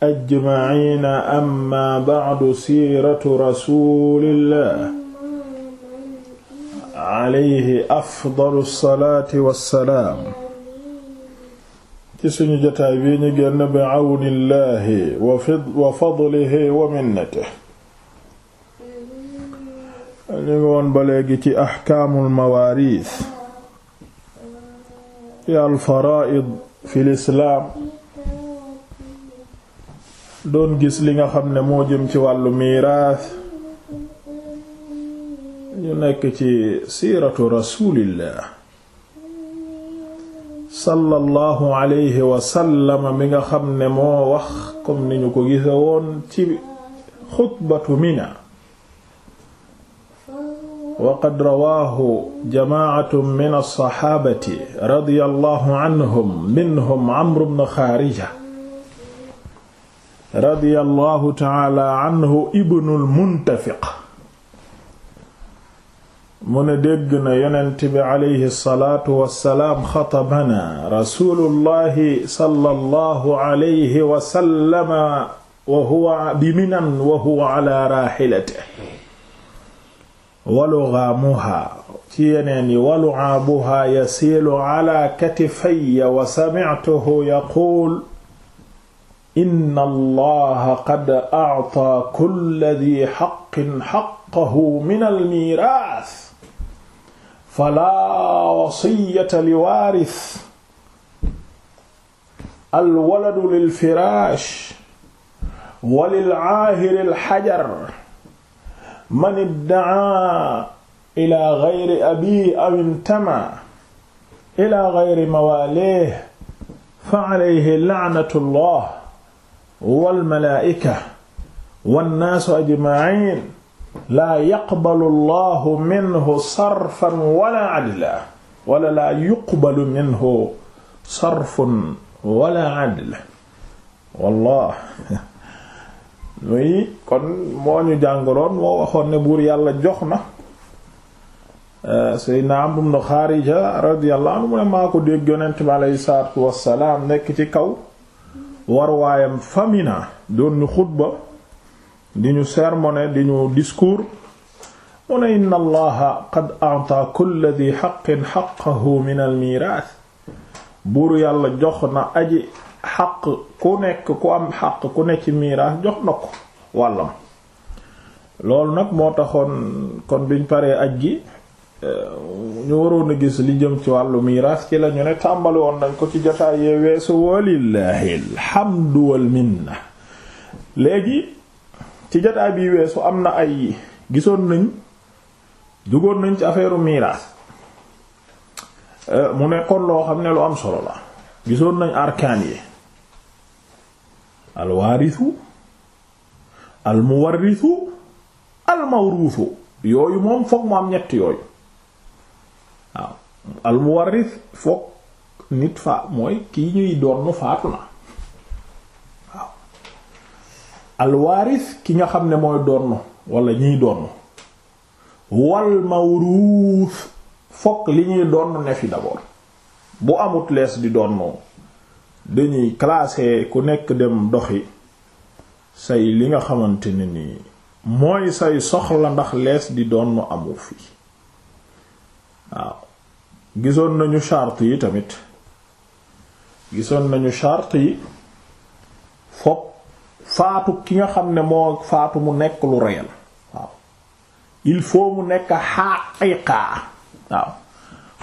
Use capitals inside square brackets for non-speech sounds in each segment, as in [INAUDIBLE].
ajmaciina amma bacdu siiratu rasulillah alayhi afdalu salaati wassalaam ci suñu jotaay bi ñu génn bi cawnillahi wa fadlihi wa minnatihi ñu ngi woon ba léegi ci axkaamul mawaariis fi al faraa'id doon gis li nga xam ne moo jëm ci wàllu miiraas ñu nekk ci siiratu rasulillah sallallahu alayhi mi nga xam ne moo wax comme ni ñu ko gise woon ci xutbatu mina wa qad rawaahu jamaacatun min alsaxaabati radiyallahu anhum minhum amru bnu xaarija radiyallahu taala anhu ibnul muntafiq mu ne dégg na yonent bi aleyhi salaatu wassalaam xatabana rasulullahi sallallahu alayhi wa sallam wa huwa bi minan wa huwa ala raahilatihi wa lughaamuhaa ci yeneen yi wa lu'aabuhaa yasiilu ala katifayya wa sami'tuhu yaquul inna allaha qad a'ta kulla dhi haqqin haqqahu min al-miiraas falaa wasiyyata liwaaris alwaladu lilfiraash wa lil'aahiri alhajar man idda'aa ilaa ghayri abiihi aw intamaa ilaa ghayri mawaaliihi fa 'alayhi la'natullah wal malaa'ika wan naasu ajma'iin laa yaqbalu Allahu minhu sarfan wala adlan wala laa yuqbalu minhu sarfun wala adlan wallah [LAUGHS] muy kon moo ñu jàngaloon moo waxoon ne buur yàlla jox na eh, Seydina Amr ibn Xaarija radiyallahu anhu mu ne maa ko dégg yonent bi aleyhi salaatu wassalaam nekk ci kaw warwaayam famina doon ñu xutba di ñu sermone di ñu discours mu ne inna allaha qad a'ta kulla di xaqin xaqahu min al miiraas buur yàlla jox na aji xaq ku nekk ku am xaq ku ne ci miiraas jox na ko wàllam loolu nag moo taxoon kon biñ paree aj gi Euh, ñu waroon a gis li jëm ci wàllu miraas ci la ñu ne tàmbali woon nañ ko ci jotaay yee weesu walillahi alhamdu wal léegi ci jotaay bi weesu am na ay gisoon nañ dugoon nañ ci affaire miraas euh, mu nekkoon loo xam ne lu am solo la gisoon nañ arkaan yi alwaarisu almuwarrisu almawruusu yooyu moom foog mu am ñett yooyu waaw al nit fa mooy kii ñuy doon faatu na waaw ki nga xam ne mooy doon walla ñiy doon wal mawruus foog li ñuy doon ne fi d'abord bu amut lees di doon dañuy classer ku nekk dem doxi say li nga xamante ne nii mooy say soxla ndax lees di doon amu fi waaw gisoon nañu charte yi tamit gisoon nañu charte yi fopp faatu ki nga xam ne moo faatu mu nekk lu réel waaw il faut mu nekk xaqiqa waaw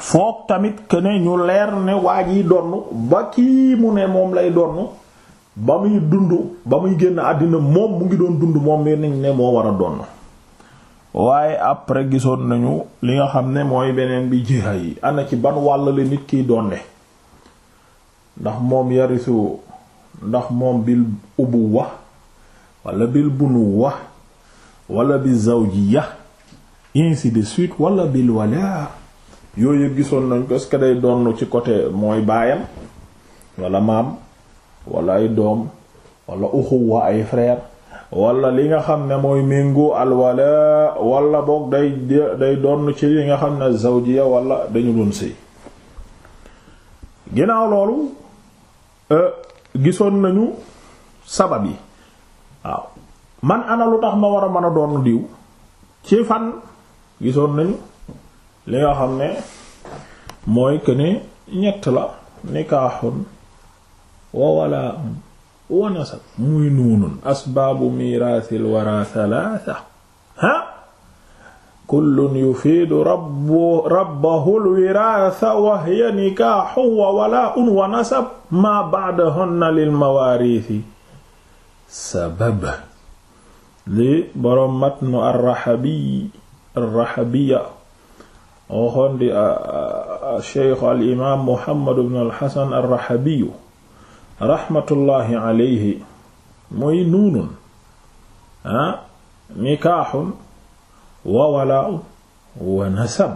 foog tamit que ñu leer ne waa yi donn ba kii mu ne moom lay donn ba muy dund ba muy génn àddina moom mu ngi doon dund moom mi nañ ne moo war a donn waaye après gisoon nañu li nga xam ne mooy beneen bi jiha yi ana ci ban wàll la nit kiy donde ndax moom yarisu ndax moom bil ubuwa wala bil bunuwa wala bi zawjiya ainsi de suite wala bil wala yooyu gisoon nañ ko est day donn ci côté mooy baayam wala maam wala ay doom wala uxuwa ay frère walla li nga xam ne mooy méngoo alwala walla boog day day donn ci li nga xam ne zawjiya wala dañu doon sëy ginnaaw loolu euh, gisoon nañu sabab yi waaw man ana lu tax ma war a mën a doon diw ci fan gisoon nañu li nga xam ne mooy que ne ñett la nikaaxun wa walaa wa nasab muy nuunun asbaabu miiraasil waraa salaasa ha kullun yufiidu rabbu rabbahu alwiraasa wa hiya nikaaxun wa walaa'un wa nasab maa ba'dahunna lil mawaariisi sabab li boroom matnu arraxabi arraxabiya waxoon di sheykhu al imaam muhammad bnu alxasan arraxabiyu raxmatullahi alayhi muy nuunun ah nikaaxun wa walaaun wa nasab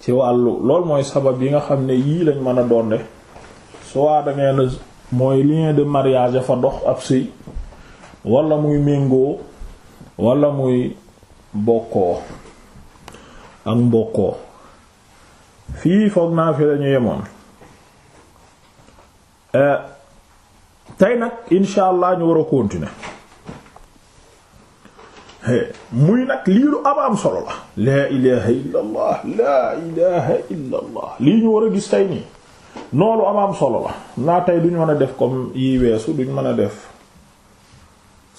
ci wàllu loolu mooy sabab yi nga xam ne yii lañ mën a doonde soit da ngeen a mooy lien de mariage fa dox ab sëy wala muy méngoo wala muy bokkoo ak mbokkoo fii foog naa fi lañu yemoon eh, tey nag incha allah ñu war a continuer muy nag lii lu am am solo la laa ilaha illa lii ñu war a gis tey nii noonu am am solo la naa tey duñ mën a def comme yi weesu duñ mën a def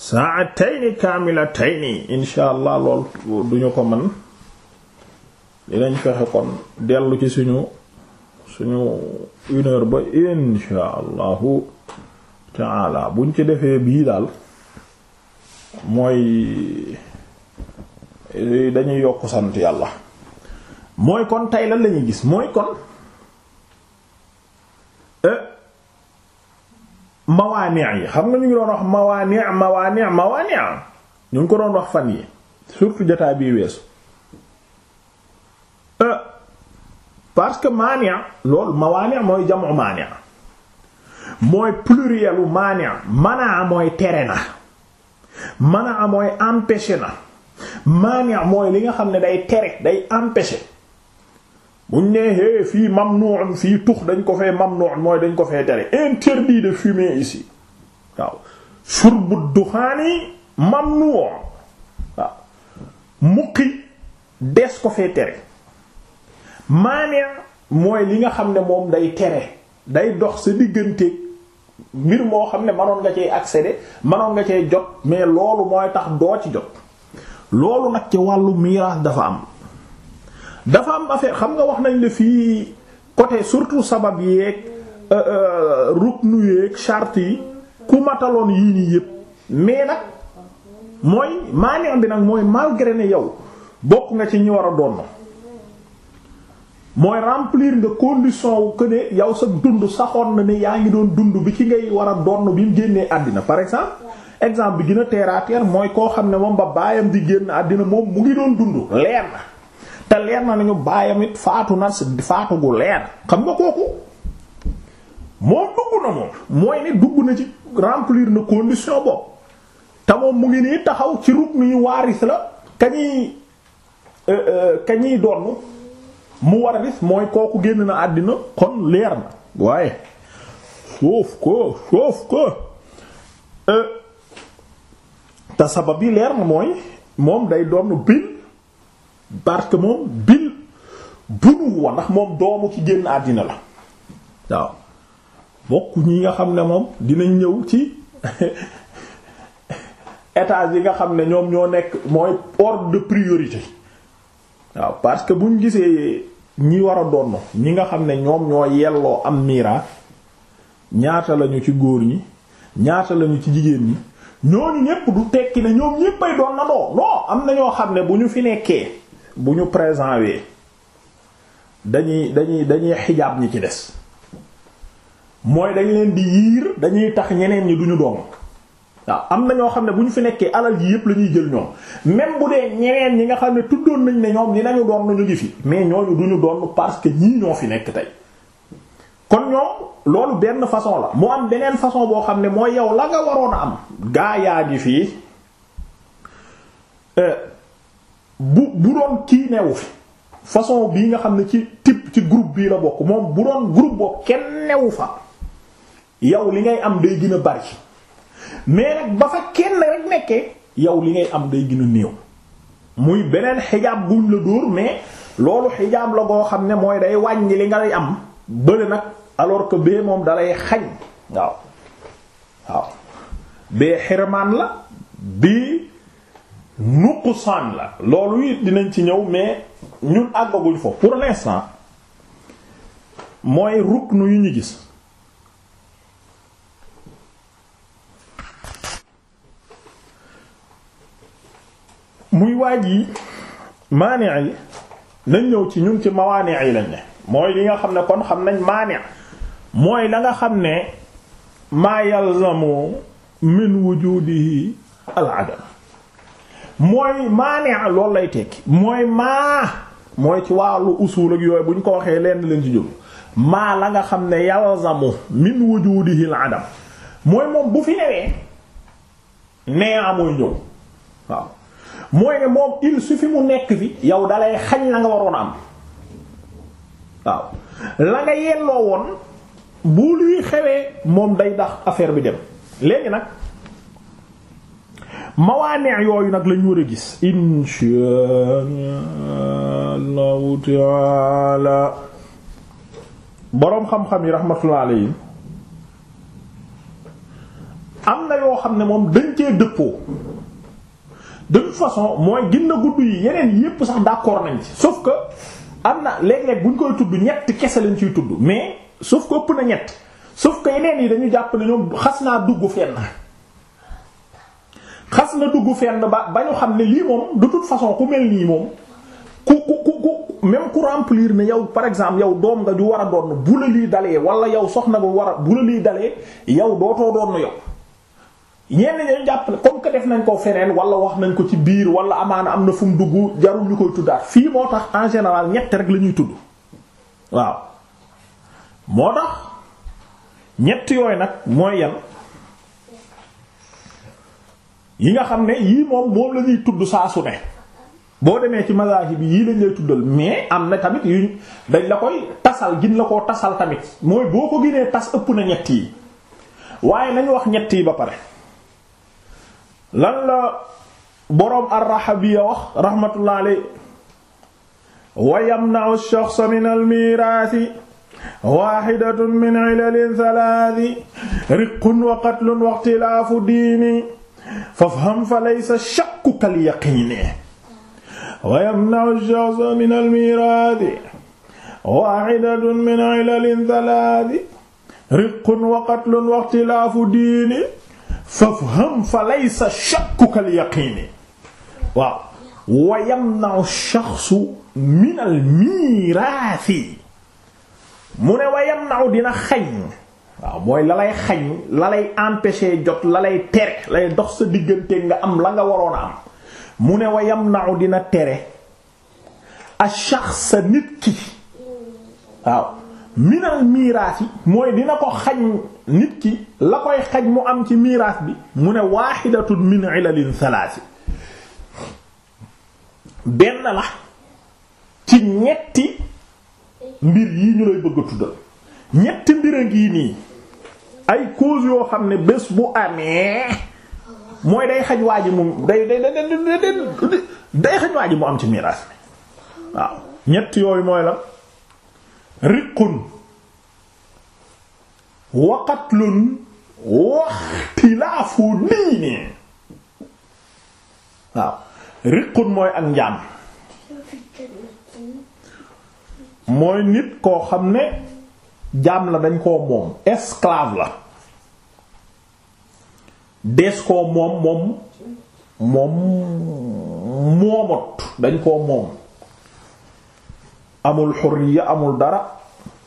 saatayni kaamilatayni incha allah lool duñu ko mën dinañ fexe kon dellu ci suñu suñu une ba incha allahu taala buñ ci defee bii daal mooy dañuy yokk sant yàlla mooy kon tey lan lañuy gis mooy kon eh, mawaani yi xam nga ñu ngi doon wax mawaani mawaani mawaani ñu ngi ko doon wax fan yi surtout jotaay bii weesu eh, parce que maani loolu mawaani mooy jamu maani mooy plurielu maana mana mooy tere na mana mooy empêché na maana mooy li nga xam ne day tere day empêché buñ nee hé fii mamnuun fii tux dañ ko fee mamnuun mooy dañ ko fee tere interdit de fumer ici waaw shurbu duxaani mamnuun waaw muqi des ko fee tere maana mooy li nga xam ne moom day tere day dox sa digganteeg mbir moo xam ne manoon nga cee accéder manoon nga cee jot mais loolu mooy tax doo ci jot loolu nag ci wàllu miraas dafa am dafa am affaire xam nga wax nañ la fii côté surtout sabab yeeg euh, euh, ruknu yeeg charte yi ku mataloon yii nii yépp mais nag mooy maanaam bi nag mooy malgré ne yow bokk nga ci ñi war a doon. mooy remplir nga condition wu que ne yow sa dund saxoon na ne yaa ngi doon dund bi ci ngay war a donn bi mu génnee àddina par exemple exemple bi gën a terre mooy koo xam ne moom ba baayam di génn àddina moom mu ngi doon dund leer na te leer na nañu baayam it faatu na faatu gu leer xam nga kooku moom dugg na moom mooy ne dugg na ci remplir na condition boobu te moom mu ngi nii taxaw ci rukk nii waaris la ka kañuy euh, euh, donn mu war a ris mooy kooku génn na àddina kon leer na waaye sauf ko sauf ko euh, te sabab yi leer na mooy moom day doon bil parce que moom bil bunu wa ndax moom doomu ci génn àddina la waaw bokk ñi nga xam ne moom dinañ ñëw ci [LAUGHS] étage yi nga xam ne ñoom ñoo nekk mooy ordre de priorité waaw parce que bu ñu gisee ñi war a donn ñi nga xam ne ñoom ñoo yelloo am miira ñaata lañu ci góor ñi ñaata lañu ci jigéen ñi ñooñu ñépp du tekki na ñoom ñéppay doon na doo am na ñoo xam ne bu ñu fi nekkee bu ñu présent wee dañuy dañuy dañuy xijaab ñi ci des mooy dañ leen di yiir dañuy tax ñeneen ñi duñu doon waaw am na ñoo xam ne bu ñu fi nekkee alal yi yëpp lañuy jël ñoom même bu dee ñeneen ñi nga xam ne tuddoon nañ ne ñoom dinañu doon ñu ngi fi mais ñooñu duñu doon parce que ñii ñoo fi nekk tey kon ñoom loolu benn façon la mu am beneen façon boo xam ne mooy yow la nga waroon a am gaa yaa gi fii euh, bu bu doon kii newu fi façon bii nga xam ne ci type ci groupe bii la bokk moom bu doon groupe boobu kenn newu fa yow li ngay am day gën a bari mais nag ba fa kenn rek nekkee yow li ngay am day gën a néew muy beneen xijaab buñ la dóor mais loolu xijaab la goo xam ne mooy day wàññi li ngay am bëri nag alors que bee moom dalay xañ waaw waaw bee xirmaan la bii nuqsaan la loolu it dinañ ci ñëw mais ñun àggaguñ foofu pour l'instant mooy ruknu yu ñu gis muy waaj yi maani yi nañ ñëw ci ñun ci mawaani yi lañ ne mooy li nga xam ne kon xam nañ maani mooy la nga xam ne maa yalzamu min wujudihi al adam mooy lay tekki mooy mooy ci wàllu usul ak yooyu ko waxee leen leen ci la nga xam ne yalzamu min wujudihi al adam moom bu fi newee nee amooy ñëw waaw mooy ne moom il suffit mu nekk fi yow dalay xañ la nga waroon am waaw la nga yelloo woon bu luy xewee moom day dax affaire bi dem léegi nag mawaane yooyu nag lañu war a gis inshaa allahu taala boroom xam-xam yi rahmatullah am na yoo xam ne moom dañ cee dëppoo de toute façon mooy gën na gudd yi yeneen yépp sax d'accord nañ ci sauf que am na léeg-léeg buñ koy tudd ñett kese lañ ciy tudd mais sauf que ëpp na ñett sauf que yeneen yi dañu jàpp ne ñoom xas naa dugg fenn xas na dugg fenn ba ba ñu xam ne lii moom de toute façon ku mel nii moom ku ku ku ku même ku remplir ne yow par exemple yow doom nga ju war a doon bu la lii dalee wala yow na nga war a bu la lii dalee yow dootoo doon yow. ñenn ñooy jàpp ne comme que def nañ koo feneen wala wax nañ ko ci biir wala amaana am na fu mu dugg jarul ñu koy tuddaat fii moo tax en général ñett rek la ñuy tudd waaw moo tax ñett yooyu nag mooy yan yi nga xam ne yii moom moom la ñuy tudd saasu su ne boo demee ci mazahib bi yii lañ lay tuddal mais am na tamit yu dañ la koy tasal gin la koo tasal tamit mooy boo ko ginee tas ëpp na ñett yi waaye nañu wax ñett yi ba pare. lan la boroom ar-Rahabiyya wax rahmatullahi alayhi wa yamna'u ash-shakhsa min al-mirathi wahidatun min ilalin thalathi riqqun wa qatlun wa ikhtilafu dini fafham falaysa ash-shakku kal-yaqini wa yamna'u ash-shakhsa min al-mirathi wahidatun min ilalin thalathi riqqun wa qatlun wa ikhtilafu dini fafham fa laysa shakku kal yaqiini waaw wa yamna'u shaxsu min al miiraasi mu ne wa yamna'u dina xañ waaw mooy la lay xañ la lay empêcher jot la lay tere lay dox sa diggante nga am la nga waroon a am mu ne wa yamna'u dina tere a shaxsa nit ki waaw minal miiraas yi mooy dina ko xañ nit ki la koy xañ mu am ci miiraas bi mu ne waaxidatun min ilalin salaasi benn la ci ñetti mbir yi ñu lay bëgg tuddal ñetti mbir a ngi nii ay cause yoo xam ne bés bu amee mooy day xañ waa ji mu day day day day xañ waa ji mu am ci miiraas bi waaw ñett yooyu mooy la riqun wa qatlun waxtilaafu diini waaw riqun mooy ak njaam mooy nit koo xam ne jaam la dañ koo moom esclave la dees koo moom moom moomot dañ koo moom amul xurriya amul dara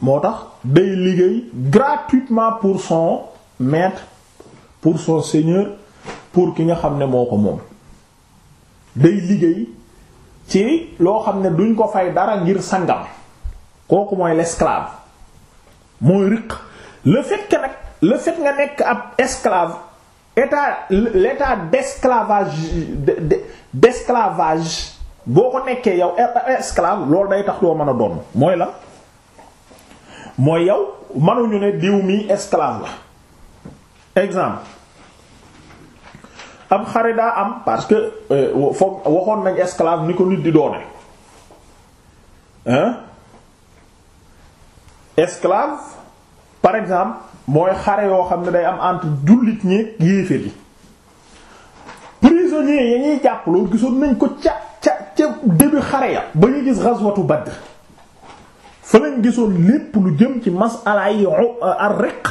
moo tax day liggéey gratuitement pour son maître pour son seigneur pour ki nga xam ne moo ko moom day liggéey ci loo xam ne duñ ko fay dara ngir sangam kooku mooy l'esclave mooy riq le fait que nag nga nekk ab esclave état l'état d'esclavage d'esclavage boo ko nekkee yow e-, e-, esclave loolu day tax doo mën a doon mooy la mooy yow mënuñu ne diw mii esclave la exemple am xare daa am parce que euh, foog waxoon nañ esclave ni ko nit di doone hein esclave par exemple mooy xare yoo xam ne day am entre jullit ñi yéeféer yi prisonniers yi ñuy jàpp loolu gisoon nañ ko ca ca début xare ya ba ñu gis ghazwatu Badr fa lañ gisoon lépp lu jëm ci masala yi euh, ar-riq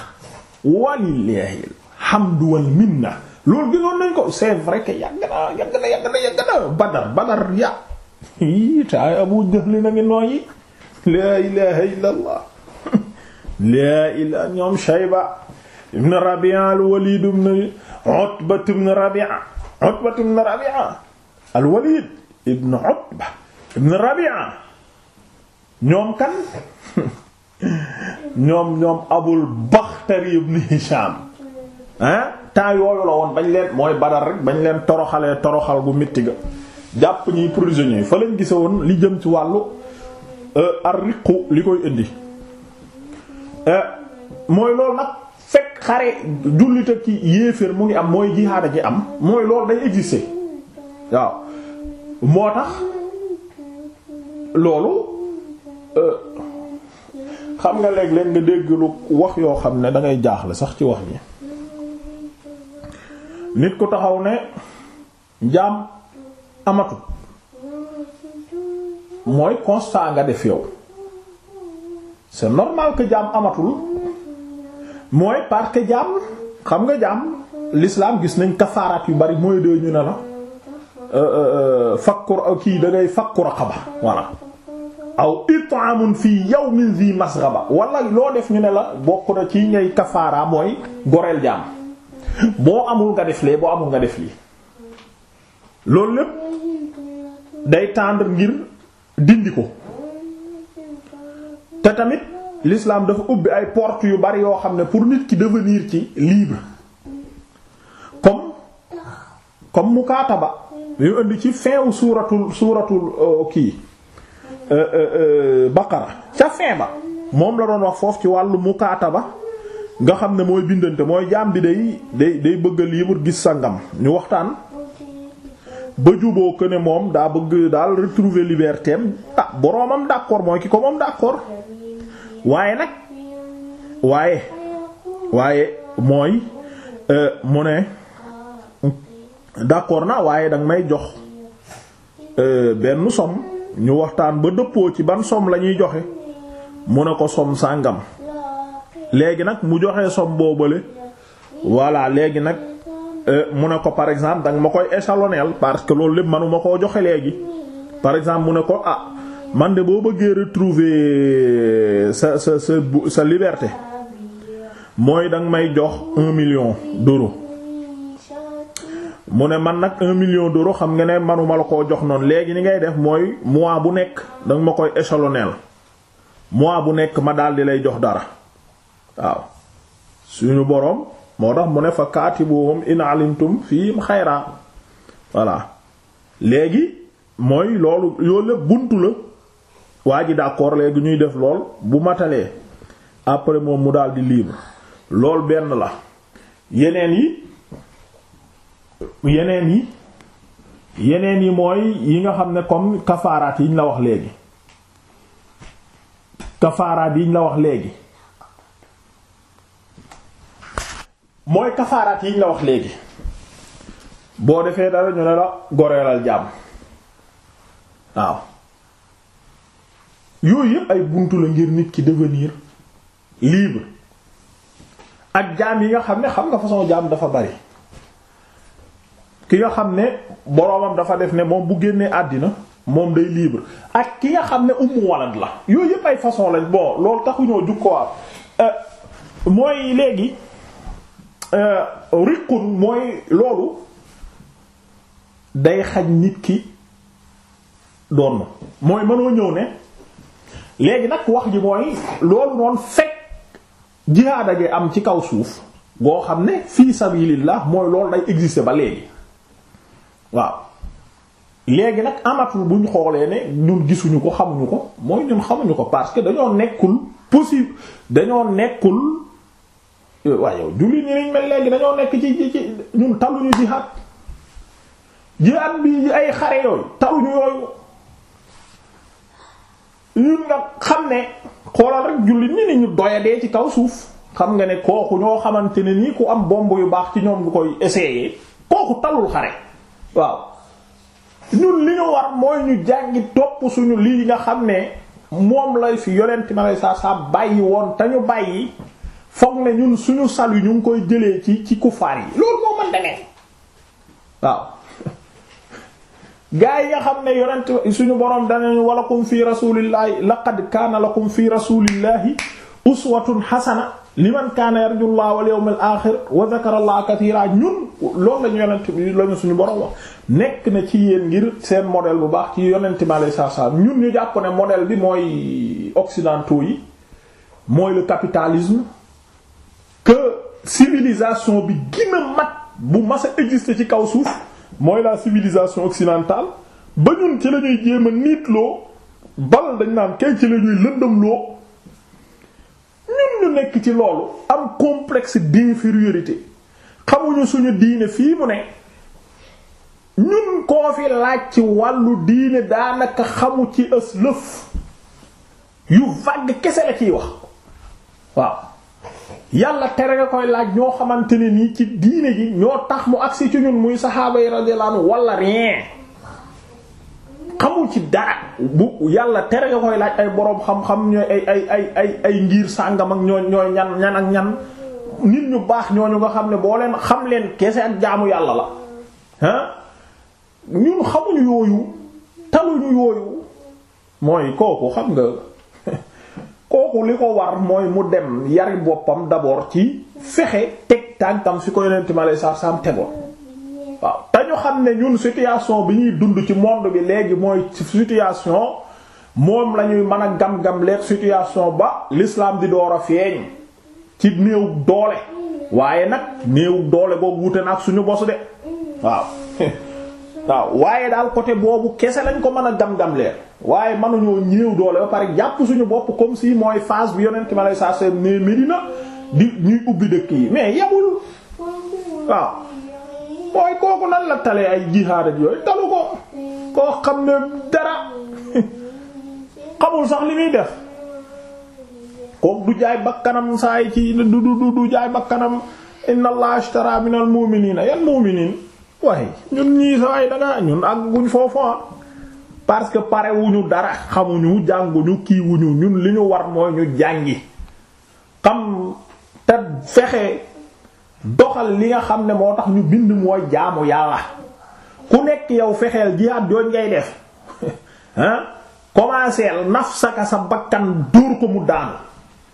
walillahi alhamdu wal minna loolu gisoon nañ ko c'est vrai que yàgg na yàgg na yàgg na yàgg na Badar Badar ya i taay Abu Jahl na ngi nooyi laa ilaha illa allah laa [LAUGHS] ilaha ñoom Shayba ibn Rabi'a al-Walid ibn Utba ibn Rabi'a Utba ibn Rabi'a al-Walid ibn Rabi'a ñoom kan [LAUGHS] ñoom ñoom Abul Bakhtari ibn Hisham ah yooyu la woon bañ leen mooy Badar rek bañ leen toroxalee toroxal gu métti ga jàpp ñi prisonniers fa lañ gise woon li jëm ci wàllu euh, arriqu li koy indi euh, mooy loolu nag fekk xare jullit ak yéeféer mu ngi am mooy jihaada ji am mooy loolu day exister waaw moo tax loolu euh, xam nga léeg-léeg nga dégg lu wax yoo xam ne dangay jaaxle sax ci wax ñi nit ku taxaw ne njaam amatut mooy constant nga def yow c'est normal que jaam amatul mooy parce que jaam xam nga jaam l'islam gis nañ kafaaraat yu bari mooy dee ñu ne la Euh, euh, euh, fakku kii da ngay fakku raqaba voilà aw it'amun fi yawmin dhi masghaba wala loo def ñu ne la bokk na ci ngay kafaara mooy goreel jaam boo amul nga def lee boo loolu lépp day tendre ngir dindi ko te tamit l'islam dafa ubbi ay porte yu bari yoo xam ne pour nit ki devenir ci libre comme comme mukaataba dañu indi ci fin wu suuratul suuratul euh, kii euh, euh, baqara ca fin ba moom la doon wax foofu ci wàllu mukaata ba nga xam ne mooy bindante mooy jaam bi day day day bëgg a libre gis sangam ñu waxtaan ba juboo ko ne moom daa bëgg daal retrouver liberté am ah boroomam d'accord mooy ki ko moom d'accord waaye nag waaye waaye mooy mu ne d'accord naa waaye danga may jox euh, benn som ñu waxtaan ba dëppoo ci ban som lañuy joxe mu ne ko som sàngam léegi nag mu joxe som boobale voilà léegi nag euh, mu ne ko par exemple danga ma koy échelonner parce que loolu lépp manuma koo joxe léegi par exemple mu ne ko ah man de boo bëggee retrouver euh, sa sa sa sa liberté mooy danga may jox un million d'euros mu ne man nag un million xam nga ne manuma la ko jox noonu léegi ni ngay def mooy mois bu nekk danga ma koy échelonner mois bu nekk ma daal di lay jox dara waaw suñu boroom moo tax mu ne fa kaati in alimtum fii xayra voilà léegi mooy loolu yooyu lépp buntu la waa ji d'accord léegi ñuy def lool bu matalee après moom mu daal di libre lool benn la yeneen yi yeneen yi yeneen yi mooy yi nga xam ne comme kafaaraat yiñ la wax léegi kafaaraat yiñ la wax léegi mooy kafaaraat yiñ la wax léegi boo defee dara ñu la goreelal jàmm waaw yooyu yëpp ay bunt la ngir nit ki devenir libre ak jaam yi nga xam ne xam nga façon jaam dafa bari ki nga xam ne boroomam dafa def ne moom bu génnee àddina moom day libre ak ki nga xam ne ummu walad la yooyu yëpp ay façon lañ bon loolu taxuñoo jukkowaat euh, mooy léegi euh, riqun mooy loolu day xaj nit ki doon mënoo ñëw ne léegi nag wax ji mooy loolu noonu fekk jihaad a am ci kaw suuf goo xam ne fii sabilillah mooy loolu day exister ba léegi waaw léegi nag amatul bu ñu xoolee ne ñun gisuñu ko xamuñu ko mooy ñun xamuñu ko parce que dañoo nekkul possible dañoo nekkul euh, waaye yow julli ñi niñ mel léegi dañoo nekk ci ci ñun taluñu jihaad jihaad bi ay xare yooyu taluñu yooyu ñun nga xam ne xoolal rek julli ñi ñu doyadee ci kaw suuf xam nga ne kooku ñoo xamante ne nii ku am bomb yu baax ci ñoom bu koy essayer kooku talul xare waaw ñun li ñu war mooy ñu jàngi topp suñu lii nga xam ne moom lay fi yonent ma lay saa saa bàyyi woon te ñu bàyyi foog ne ñun suñu salu ñu koy jëlee ci ci kufaar yi loolu moo mën demee waaw gaa yi nga xam ne yonent suñu boroom danañu walakum fi la laqad kaana lakum fi rasulillahi uswatun hasana li man kaana yarjullaha wal yawmal aaxir wa dhakara allaha kathiira ñun loolu lañu yonent lañu suñu borom nekk na ci yéen ngir seen modèle bu baax ci yonent bi alayhi salaam ñun ñu jàpp ne modèle bi mooy occidentaux yi mooy le capitalisme que civilisation bi gën a mat bu mas a ci kaw suuf mooy la civilisation occidentale ba ñun ci lañuy jéem a niitloo bal dañ naan kay ci lañuy lëndëmloo ñun ñu nekk ci loolu am complexe d'infériorité xamuñu suñu diine fii mu ne ñun koo fi laaj ci wàllu diine daanaka xamu ci ës lëf yu vague kese la ciy wax waaw yàlla tere nga koy laaj ñoo xamante ne nii ci diine gi ñoo tax mu agsi ci ñun muy saxaaba yi radiyallahu rien xamul ci dara bu yàlla tere nga koy laaj ay boroom xam-xam ñooy ay ay ay ay ay ngir sàngam ak ñooy ñan ñan ak ñan nit ñu baax ñooñu nga xam ne boo leen xam leen kese ak jaamu yàlla la ah ñun xamuñu yooyu taluñu yooyu mooy kooku xam nga [LAUGHS] kooku li ko war mooy mu dem yari boppam d'abord ci fexe teg tànkam fi ko yonent mi alayhi salaam tegoon waaw te ñu xam ne ñun situation bi ñuy dund ci monde bi léegi mooy situation moom la ñuy mën a gam-gam leeg situation ba lislaam di door a feeñ ci néew doole waaye nag néew doole boobu wute na suñu bos de [LAUGHS] waaw waaye daal côté boobu kese lañ ko mën a gam-gam leer waaye mënuñoo ñéew doole ba pare jàpp suñu bopp comme si mooy phase bi ki ma lay saa seen ne Medina di ñuy ubbi dëkk yi mais yabul waaw mooy kooku nan la talee ay jihaad ak yooyu talu ko koo xam ne dara xamul sax li muy def kook du jaay bakkanam saa yi ci du du du jaay bakkanam inna allaha ashtara minal mu'minina yan mu'minin waaye ñun ñii saa yi dangaa ñun ak guñ foofu ah. parce que pare wuñu dara xamuñu jànguñu kiiwuñu ñun li ñu war mooy ñu jàngi xam te fexe doxal li nga xam ne moo tax ñu bind mooy jaamu yàlla ku nekk yow fexeel jihaad jooñ ngay def ah [LAUGHS] commenceel nafsaka sa bakkan dóor ko mu daanu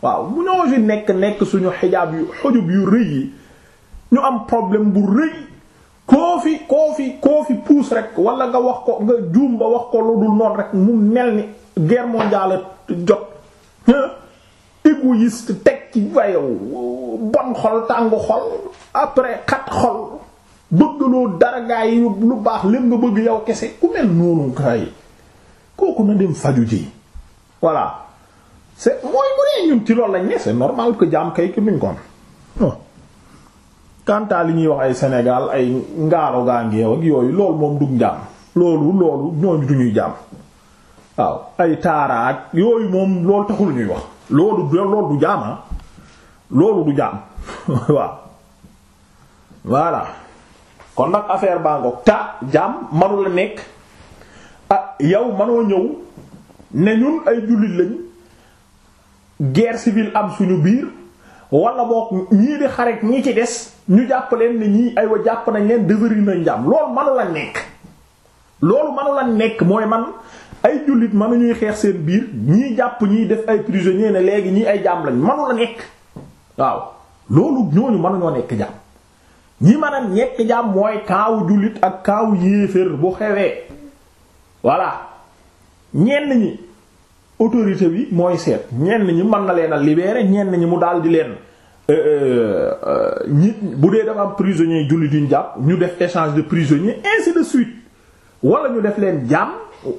waaw mu ñoo fi nekk nekk suñu xijaab yu xujub yu rëy yi ñu am problème bu rëy koo fi koo fi koo fi puus rek wala nga wax ko nga juum ba wax ko lu dul rek mu mel ni guerre mondiale jot égoïste teg ci wayow bon xol tàngu xol après xat xol bëggaloo dara gaa yi lu baax lépp nga bëgg yow kese ku mel noonu gaa yi kooku na dem faju ji voilà c'est mooy bu ñun ci loolu lañ ne c'est normal que jaam kay ki duñ ko kantaa li ñuy wax ay Sénégal ay ngaaro gaa ngeew ak yooyu loolu moom dug jaam loolu loolu ñooñu duñuy jaam waaw ay taaraak yooyu moom loolu taxul ñuy wax loolu du loolu du jaam ah. loolu du jaam [LAUGHS] waaw voilà kon nag affaire baa ngoog ta jaam manu la nekk ah yow manoo ñëw ne ñun ay jullit lañ guerre civile am suñu biir wala boog ñii di xareek ñii ci des ñu jàpp leen ne ñii aywa jàpp nañ leen devenir nañ jaam loolu manu la nekk loolu nekk mooy man ay jullit na ñuy xeex seen biir ñii jàpp ñiy def ay prisonnier ne léegi ñii ay jaam lañ manu la nekk waaw loolu man mënuñoo nekk jaam ñi mën a nekk jàmm mooy kaawu jullit ak kaawu yéeféer bu xewee voilà ñenn ñi autorité bi mooy seet ñenn ñi mën na leen a libérer ñenn ñi mu daal di leen euh, euh, ñi bu dee dafa am prisonnier jullit yu ñu jàpp ñu def échange de prisonnier ainsi de suite wala ñu def leen jàmm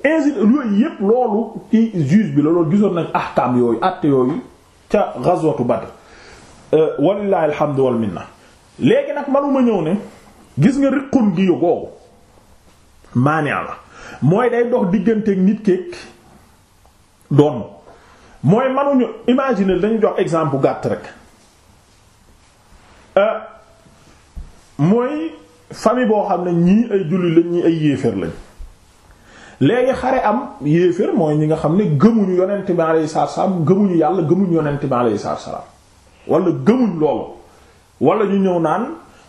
insid yooyu yépp loolu ci juge bi la loolu gisoon nañ ahkaam yooyu àtte yooyu ca ghazwatu Badr euh, walillahi alhamdu wal minna léegi nag manuma ñëw ne gis nga riqun gi yu googu maanee la mooy day dox digganteeg nit keeg doon mooy manuñu imaginer dañu jox exemple gàtt rek euh, mooy famille boo xam ne ñii ay julli lañ ñii ay yéeféer lañ léegi xare am yéeféer mooy ñi nga xam ne gëmuñu yonent bi alayhi salaam gëmuñu yàlla gëmuñu yonent bi alayhi salaam walla gëmuñ loolu wala ñu ñëw naan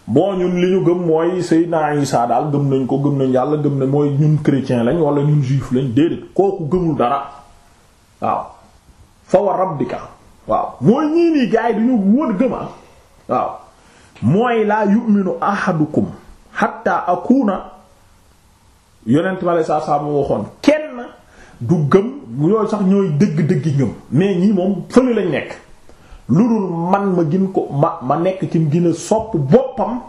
bon ñun li ñu gëm mooy Seydina Isa daal gëm nañ ko gëm nañ yàlla gëm na mooy ñun chrétien lañ wala ñun juif lañ déedéet kooku gëmu dara waaw fa wa rabbika waaw mooy ñii gaay du ñu wër gëma ah. waaw mooy laa yu'minu ahadukum hatta akuna yonent ma lay saa saa mu waxoon kenn du gëm yooyu sax ñooy dëgg-dëggi ngëm mais ñii moom fële lañ nekk lu dul man ma gin ko ma ma nekk ci gën a sopp boppam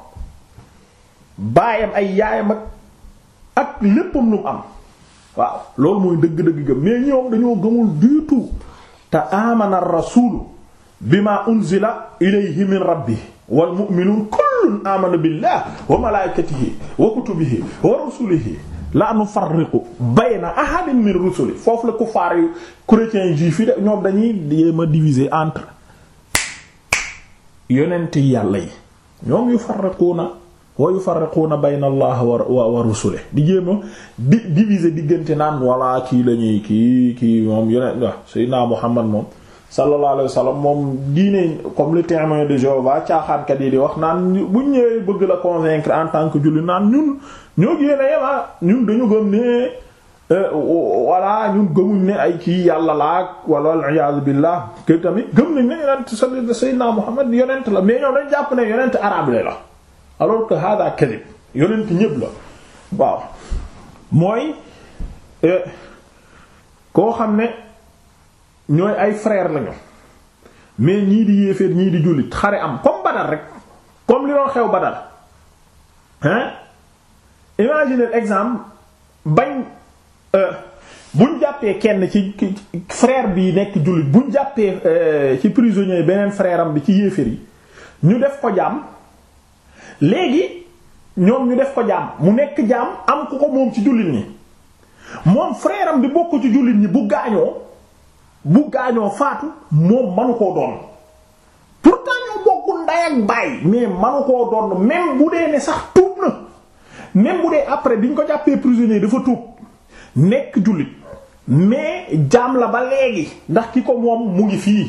baayam ay yaayam ak ak léppam lu mu am waaw loolu mooy dëgg-dëgg gëm mais ñoom dañoo gëmul du tout te amana rasulu bima unzila ilayhi min rabbi wal mu'minun kullun amana billah wa malaikatihi wa kutubihi wa rusulihi la nufarriqu bayna ahadin min rusuli foofu la kufaar yu chrétiens yi juifs yi de ñoom dañuy yéem a diviser entre yonent yàlla yi ñoom yufarriquuna wa yufarriquuna bayna allah wa wa rusuli di jéem a di diviser diggante naan walla kii la ñuy kii kii moom yonent Seydina Muhammad moom sallallahu alayhi wa moom diine comme le témoin de Jéhovah caaxaankat yi di wax naan bu ñëwee bëgg la convaincre en tant que julli naan ñun ñoo génne yema ah ñun dañu gëm ne euh, voilà ñun gëmuñ ne ay kii yàlla laak wala al-iyaadu billah que tamit gëm nañ ne yonent sallallahu sayyidina Muhammad yonent la mais ñoom dañ jàpp ne yonent arabe la alors que hada kadib yonent ñëpp la waaw mooy euh, koo xam ne ñooy ay frère lañu mais ñii di yéeféer ñii di jullit xare am comme Badar rek comme li doon xew Badar hein imagine exemple bañ euh, buñ jàppee kenn ci frère bi nekk jullit buñ jàppee euh, ci prisonnier beneen frère bi ci yéeféer yi ñu def ko jaam léegi ñoom ñu def ko jaam mu nekk jaam am ku ko moom ci jullit ñi moom freeram am bi bokk ci jullit ñi bu gaañoo bu gaañoo faatu moom manu koo doon pourtant ñoo bokkul nday ak baay mais manu koo doon même bu dee ne sax tuub na même bu dee après bi ñu ko jàppee prisonnier dafa tuub nekk jullit mais jaam la ba léegi ndax ki ko moom mu ngi fii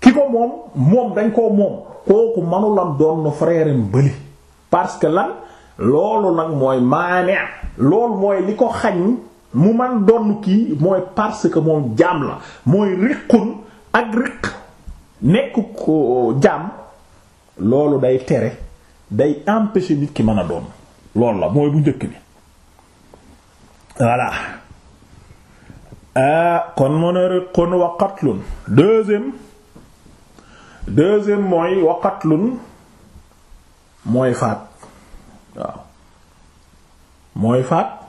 ki ko moom moom dañ koo moom kooku manu lan doon na frère mbëli parce que lan loolu nag mooy maane loolu mooy li ko xañ mu man doon kii mooy parce que moom jaam la mooy riqun ak riq nekk ko jaam loolu day tere day empêcher nit ki mën a doon loolu la mooy bu njëkk bi voilà ah kon mu ne riqun wa qatlun deuxième mooy wa qatlun mooy faat waaw mooy faat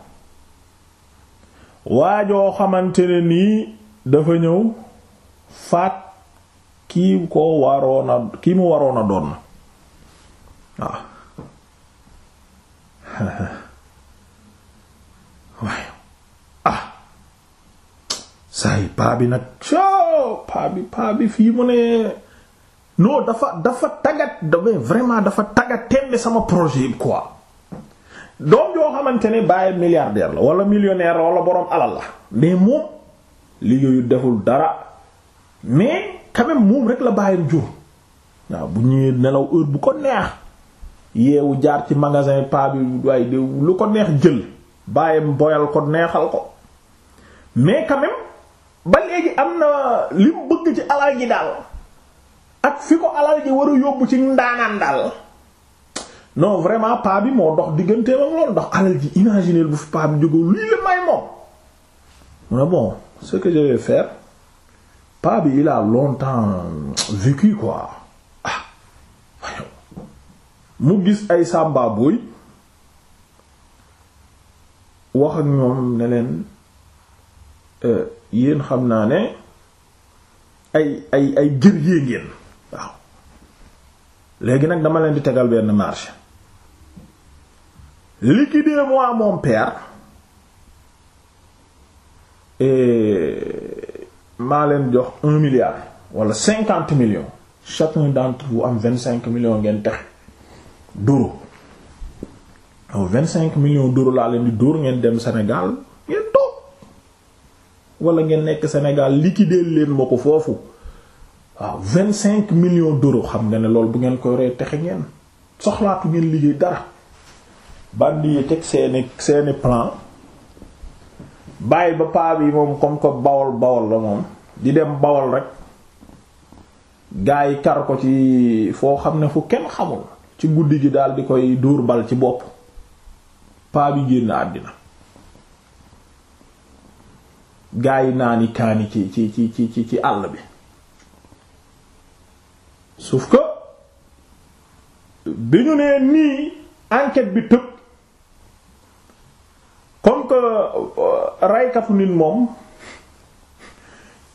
waajoo xamante ne nii dafa ñëw faat kii ko waroon kii mu waroon a doon waaw ah. [LAUGHS] waaye ah saa yi paa bi nag soo paa bi paa bi fii mu ne non dafa dafa taggat da vraiment dafa taggat tembe sama projet bi quoi doom yoo xamante ne bàyyi milliardaire la wala millionnaire la wala boroom alal la mais moom liggéeyu deful dara mais quand même moom rek la bàyyi jur waaw bu ñëwee nelaw heure bu ko neex yeewu jaar ci magasin pa bi lu ko neex jël bàyyam boyal ko neexal ko mais quand ba léegi am na li mu bëgg ci alal ji daal ak fi ko alal ji waru yóbbu ci ndaanaan daal non vraiment paa bi moo ndox digganteem ak loolu ndax alal ji imaginer bu fi paa bi jógoo lii la may moom mu ne bon ce que je vais paa bi il a longtemps vécu ah mu gis ay sàmba booy wax ak ñoom ne leen euh, yéen xam naa ne ay ay ay guerrier ngeen waaw léegi nag dama leen di tegal benn marché liquidez-moi mon père et maa leen jox un milliard wala cinquante millions chacun d'entre vous am vingt cinq millions ngeen tex d'euros vingt cinq millions d'euros laa leen di dóor ngeen dem Sénégal ngeen toog wala ngeen nekk Sénégal liquider leen ma ko foofu waaw vingt cinq millions d'euros xam nga ne loolu bu ngeen ko yoree texe ngeen soxlaatu ngeen liggéey dara bandi yi teg seeni seeni plan bàyyi ba paa bi moom comme que bawol bawol la moom di dem bawol rek gaa yi kar ko ci foo xam ne fu kenn xamul ci guddi gi daal di koy dóor bal ci bopp paa bi génn àddina gaa yi naani kaani ci ci ci ci ci àll bi sauf que bi ñu nee nii enquête bi tëb que euh, raykatu nit moom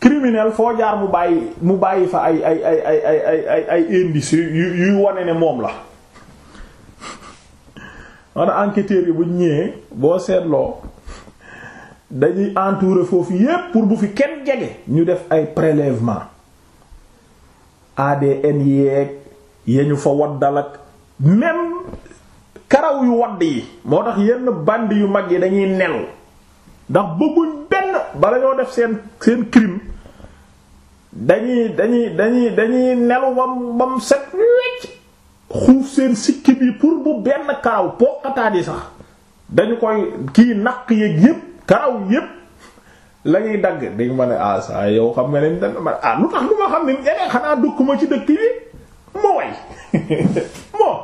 criminel foo jaar mu bàyyi mu bàyyi fa ay ay ay ay ay ay yu yuy wane ne moom la maanaam enquêteurs yi bu ñëwee boo seetloo dañuy entourer foofu yépp pour bu fi kenn jege ñu def ay prélèvement ADN yeeg ya fa waddal ak même karaw yu wadd yi moo tax yenn band yu mag yi dañuy nelu ndax bëgguñ benn bala ñoo def seen seen crime dañuy dañuy dañuy dañuy nelu bam bam set wecc xuuf seen sikki bi pour bu benn karaw poqataan yi sax dañu koy kii naq yëg yépp karaw yëpp lañuy dagg dañ ma ne ah saa yow xam nga ne dana ma ah lu tax lu xam ne ñeneen eh, xanaa dëkk ma ci dëkk yi ma way [LAUGHS] moo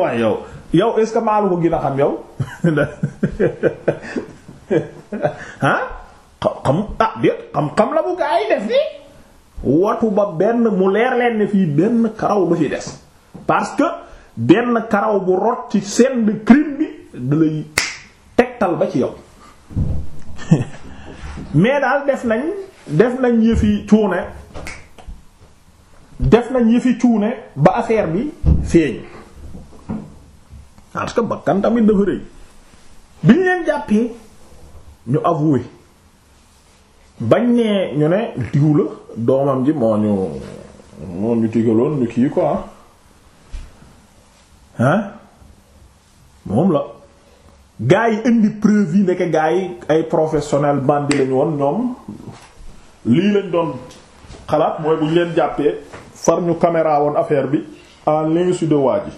waaye yow yow est-ce que maalu ko gën a xam yow ah [LAUGHS] xam ah déet xam-xam la bu gaa def ni watu ba benn mu leer leen ne fii benn karaw du fi des parce que benn karaw bu rot ci scène de bi da lay tegtal ba ci yow [LAUGHS] mais daal def nañ def nañ yëfi cuune def nañ yëfi cuune ba affaire bi feeñ parce que bakkan tamit dafa rëy bi ñu leen jàppee ñu avoué bañ nee ñu ne diw doomam ji moo ñu moo ñu digaloon ñu kii quoi hein moom la gaa yi indi preuve yi nekk gaa yi ay professionnel bandi lañu woon ñoom lii lañ doon xalaat mooy bu ñu leen jàppee far ñu caméra woon affaire bi en ligne de waa ji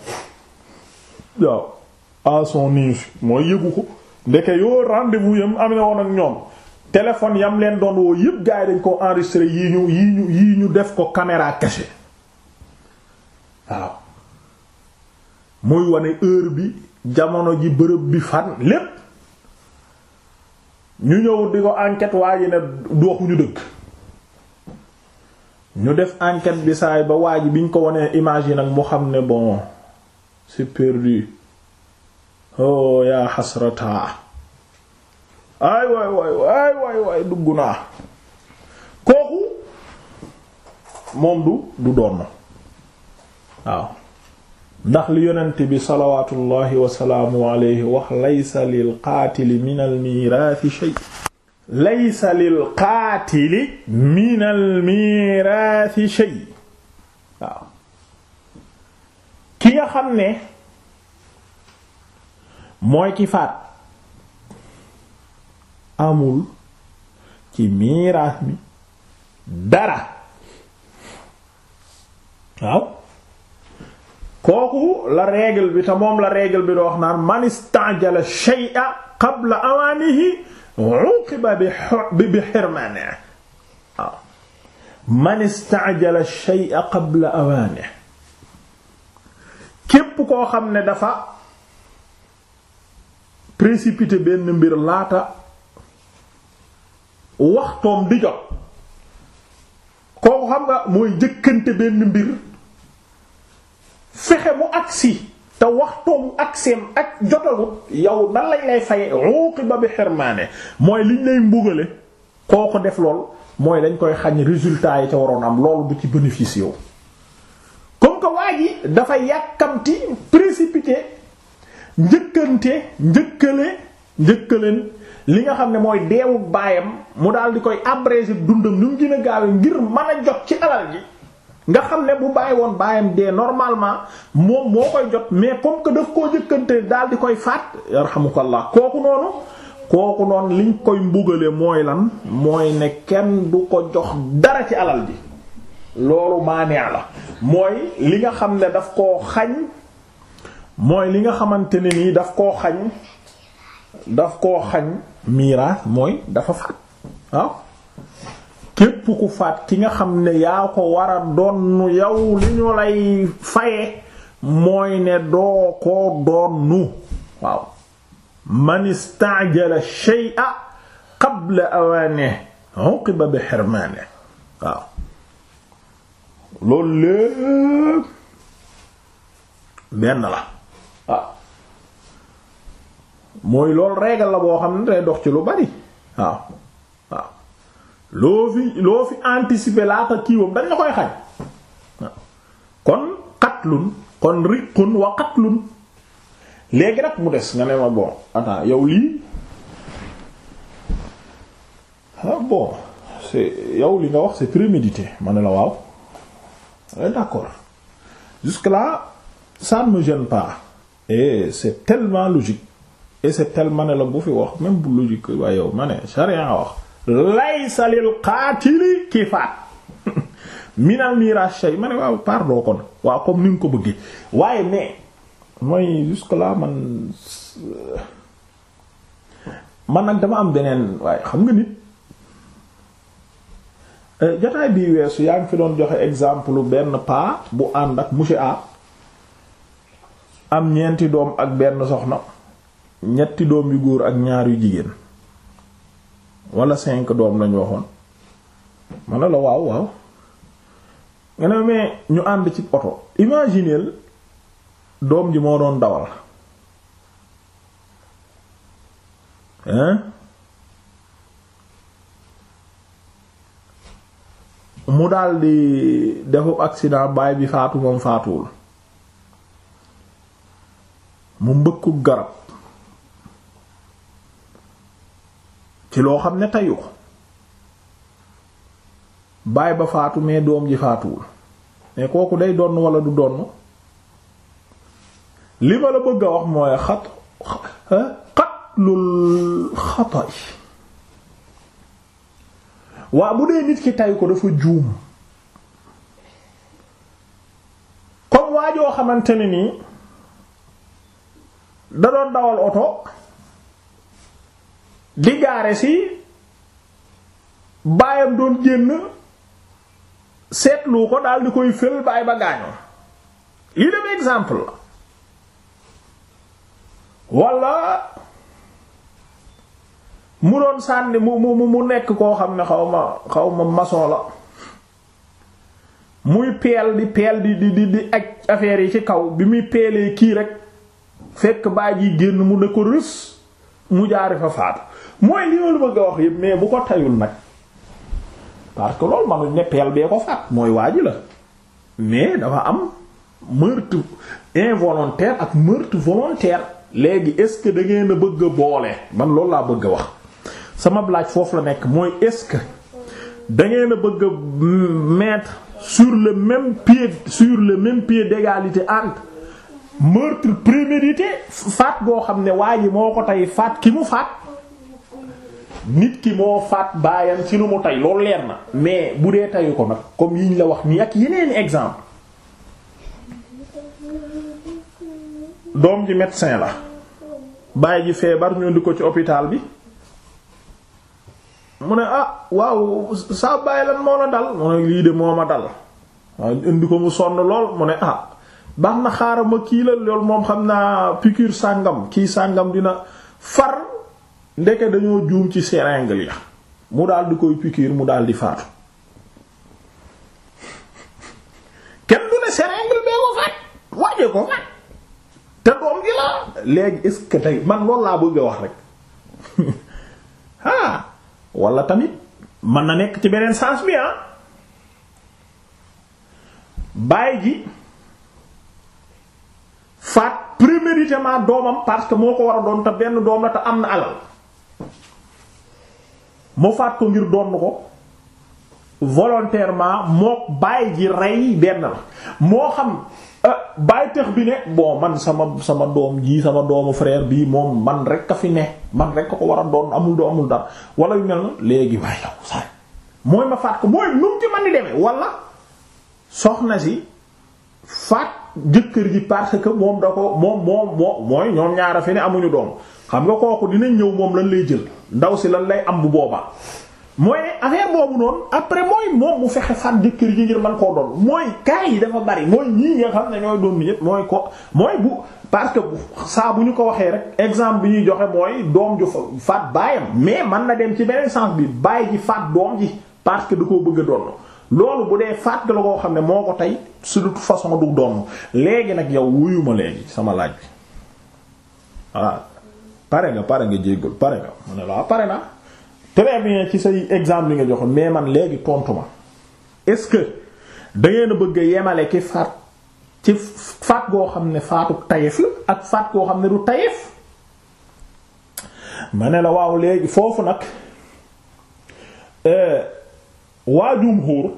waaw à son insu mooy yëgu ko ndeke yoo rendez-vous yam am na woon ak ñoom téléphone yam leen doon woo yëpp gars dañ ko enregistré yi ñu yii ñu yii ñu def ko caméra cachée waaw muy wane heure bi jamono ji bërëb bi fan lépp ñu ñëw di ko enquête waa ji ne waxuñu dëgg ñu def enquête bi saay ba waa ji biñ ko wanee image yi nag mu xam ne bon c'est perdu oh yaa xasrataa ay waay waay waay waay waay dugg naa moom du du doon ndax li yonent bi salawaatullahi wasalaamu alayhi wax laysa lil qaatili min min al miiraasi ki nga xam ne mooy ki faat amul ci miraas mi kooku la règle bi te moom la règle bi da wax naan man istajala shay'a qabla awaanihi uqiba bi hirmanihi waaw man istajala shay'a qabla awaanihi képp koo xam ne dafa précipité benn mbir laata waxtoom di jot kooku xam nga mooy jëkkante benn mbir fexe mu agsi te waxtoom agseem ak jotagut yow nan lañ lay faye uqiba bi xirmaane mooy liñ lay mbugale kooku def lool mooy dañ koy xañ résultat yi ca waroon am loolu du ci bénéfice yow dafa yàkkamti précipité njëkkante njëkkale njëkkaleen li nga xam ne mooy deewu baayam mu daal di koy abréger dundam nu mu gën a gaawe ngir mën a jot ci alal ji nga xam ne bu bàyyi woon baayam dee normalement moom moo koy jot mais comme que daf koo jëkkante daal di koy faat yarhamukallah kooku noonu kooku noonu liñ koy mbugale mooy lan mooy ne kenn du ko jox dara ci alal ji loolu maaneex la mooy li nga xam ne daf koo xañ mooy li nga xamante ne nii daf koo xañ daf koo xañ miraas mooy dafa faat waaw képp ku faat ki nga xam ne yaa ko wara a donn yow li ñu lay faye mooy ne doo ko donnu waaw man istaajala shay'a qabla awaane uqiba bi hirmaane waaw loolu lépp benn la waaw ah. mooy loolu régal la boo xam ne day dox ci lu bari waaw ah. ah. waaw loo fi loo fi anticiper laata kiiwam dañ la koy xañ kon xatlun kon riqun wa xatlun léegi nag mu des nga ne ma bon attends yow lii bon c'est yow li nga wax c'est prémédité ma ne la waaw d'accord jusque là ça ne me gêne et c'est tellement logique et c'est tellement la bu fi wax même bu logique waaye yow ma ne sharia wax laysa lil faat [LAUGHS] minal mirage shay ma ne waaw pardon kon waaw comme ni nga ko bëggee waaye mais mooy jusque là man man nag dama am beneen waaye xam nga nit Euh, jataay bii weesu yaa ngi fi doon joxe exemple benn paa bu ànd ak monsieur am ñeenti doom ak benn soxna ñetti doom yu góor ak ñaar yu jigéen wala cinq doom lañu waxoon ma ne la waaw waaw nga ne mais ñu ànd ci oto imagineel doom ji moo doon dawal hein mu daldi defu accident baay bi faatu moom faatuwul mu mbëkku garab ci loo xam ne teyu ko baay ba faatu mais doom ji faatuwul mais kooku day donn wala du donn li ma la bëgg a wax mooy xat xatlul xata yi waa bu dee nit ki tay ko dafa juum comme waa joo xamante ne nii da doon dawal oto di gaare si baayam doon génn seetlu ko daal di koy fël baay ba gaañoo lii dem exemple walla mu doon sànni mu mu mu nekk koo xam ne xaw ma xaw ma maçon la muy peel di peel di di di ak affaire yi ci kaw bi muy peelee kii rek fekk baa yi génn mu ne ko rës mu jaari fa faatu mooy li ma bëgg a wax yëpp mais bu ko tayul nag parce que loolu manuñ ne peel bee ko faat mooy waa la mais dafa am meurtre involontaire ak meurtre volontaire léegi est-ce que da ngeen a bëgg a boole man loolu laa bëgg a wax. sama laaj foofu la nekk mooy est-ce que da a bëgg a mettre sur le même pied sur le même pied d'égalité entre meurtre prémédité faat boo xam ne waa ji moo ko tey faat ki mu faat nit ki moo faat baayam ci lu mu tey loolu leer na mais bu dee teyu ko nag comme yiñ la wax nii ak yeneen exemple doom ji médecin la baay ji feebar ñu indi ko ci hôpital bi mu ne ah waaw saa bàyyi lan moo la dal mu ne lii de moo ma dal waaw indi ko mu sonn lool mu ne ah baax na xaaral ma kii la lool moom xam naa pikiir sàngam kii sàngam dina far ndeke dañoo juum ci seringue ya mu daal di koy piqûre mu daal di faatu kenn du ne seringue bee ko faat waaje ko te doom gi la léegi est tey man loolu laa bëgg a wax rek [LAUGHS] ah! wala tamit mën na nekk ci beneen sens bi ah baay ji faat préméritément doomam parce que moo ko war a doon te benn doom la te am na alal mu faat ko ngir doon ko volontairement moo baay ji rey benn la moo xam Ah, bàyyi tëx bi ne bon man sama sama doom ji sama doomu frère bii moom man rek a fi ne man rek a ko war a doom amul doo amul wala yu mel na léegi waaye yow sax mooy ma faat mooy nu mu ci man di demee wala soxna si faat jëkkër ji parce que moom da ko moom moom moo mooy ñoom ñaara fi ne amuñu doom xam nga kooku dinañ ñëw moom lan lay jël ndaw si lan lay am bu boobaa mooy affaire boobu noonu après mooy moom bu fexe faat jëkkër ji ngir man koo doon mooy cas yi dafa bari mooy ñii nga xam ne ñooy doon ñëpp mooy ko mooy bu parce que bu saa bu ñu ko waxee rek exemple bi ñuy joxe mooy doom ju faat baayam mais man na dem ci beneen sens bi baay ji faat doom ji parce que du ko bëgg a doon loolu bu dee faat la koo xam ne moo ko tey su de toute façon du doon léegi nag yow wuyu ma léegi sama laaj bi voilà pare nga pare nga jéggal pare mu ne la pare naa très bien ci say exemple bi nga joxe mais man léegi tontu ma est-ce que da ngeen a bëgg a yemale ki faat ci faat goo xam ne faatu ak faat goo xam ne du tayef ma ne la waaw léegi foofu nag euh, waa jumhur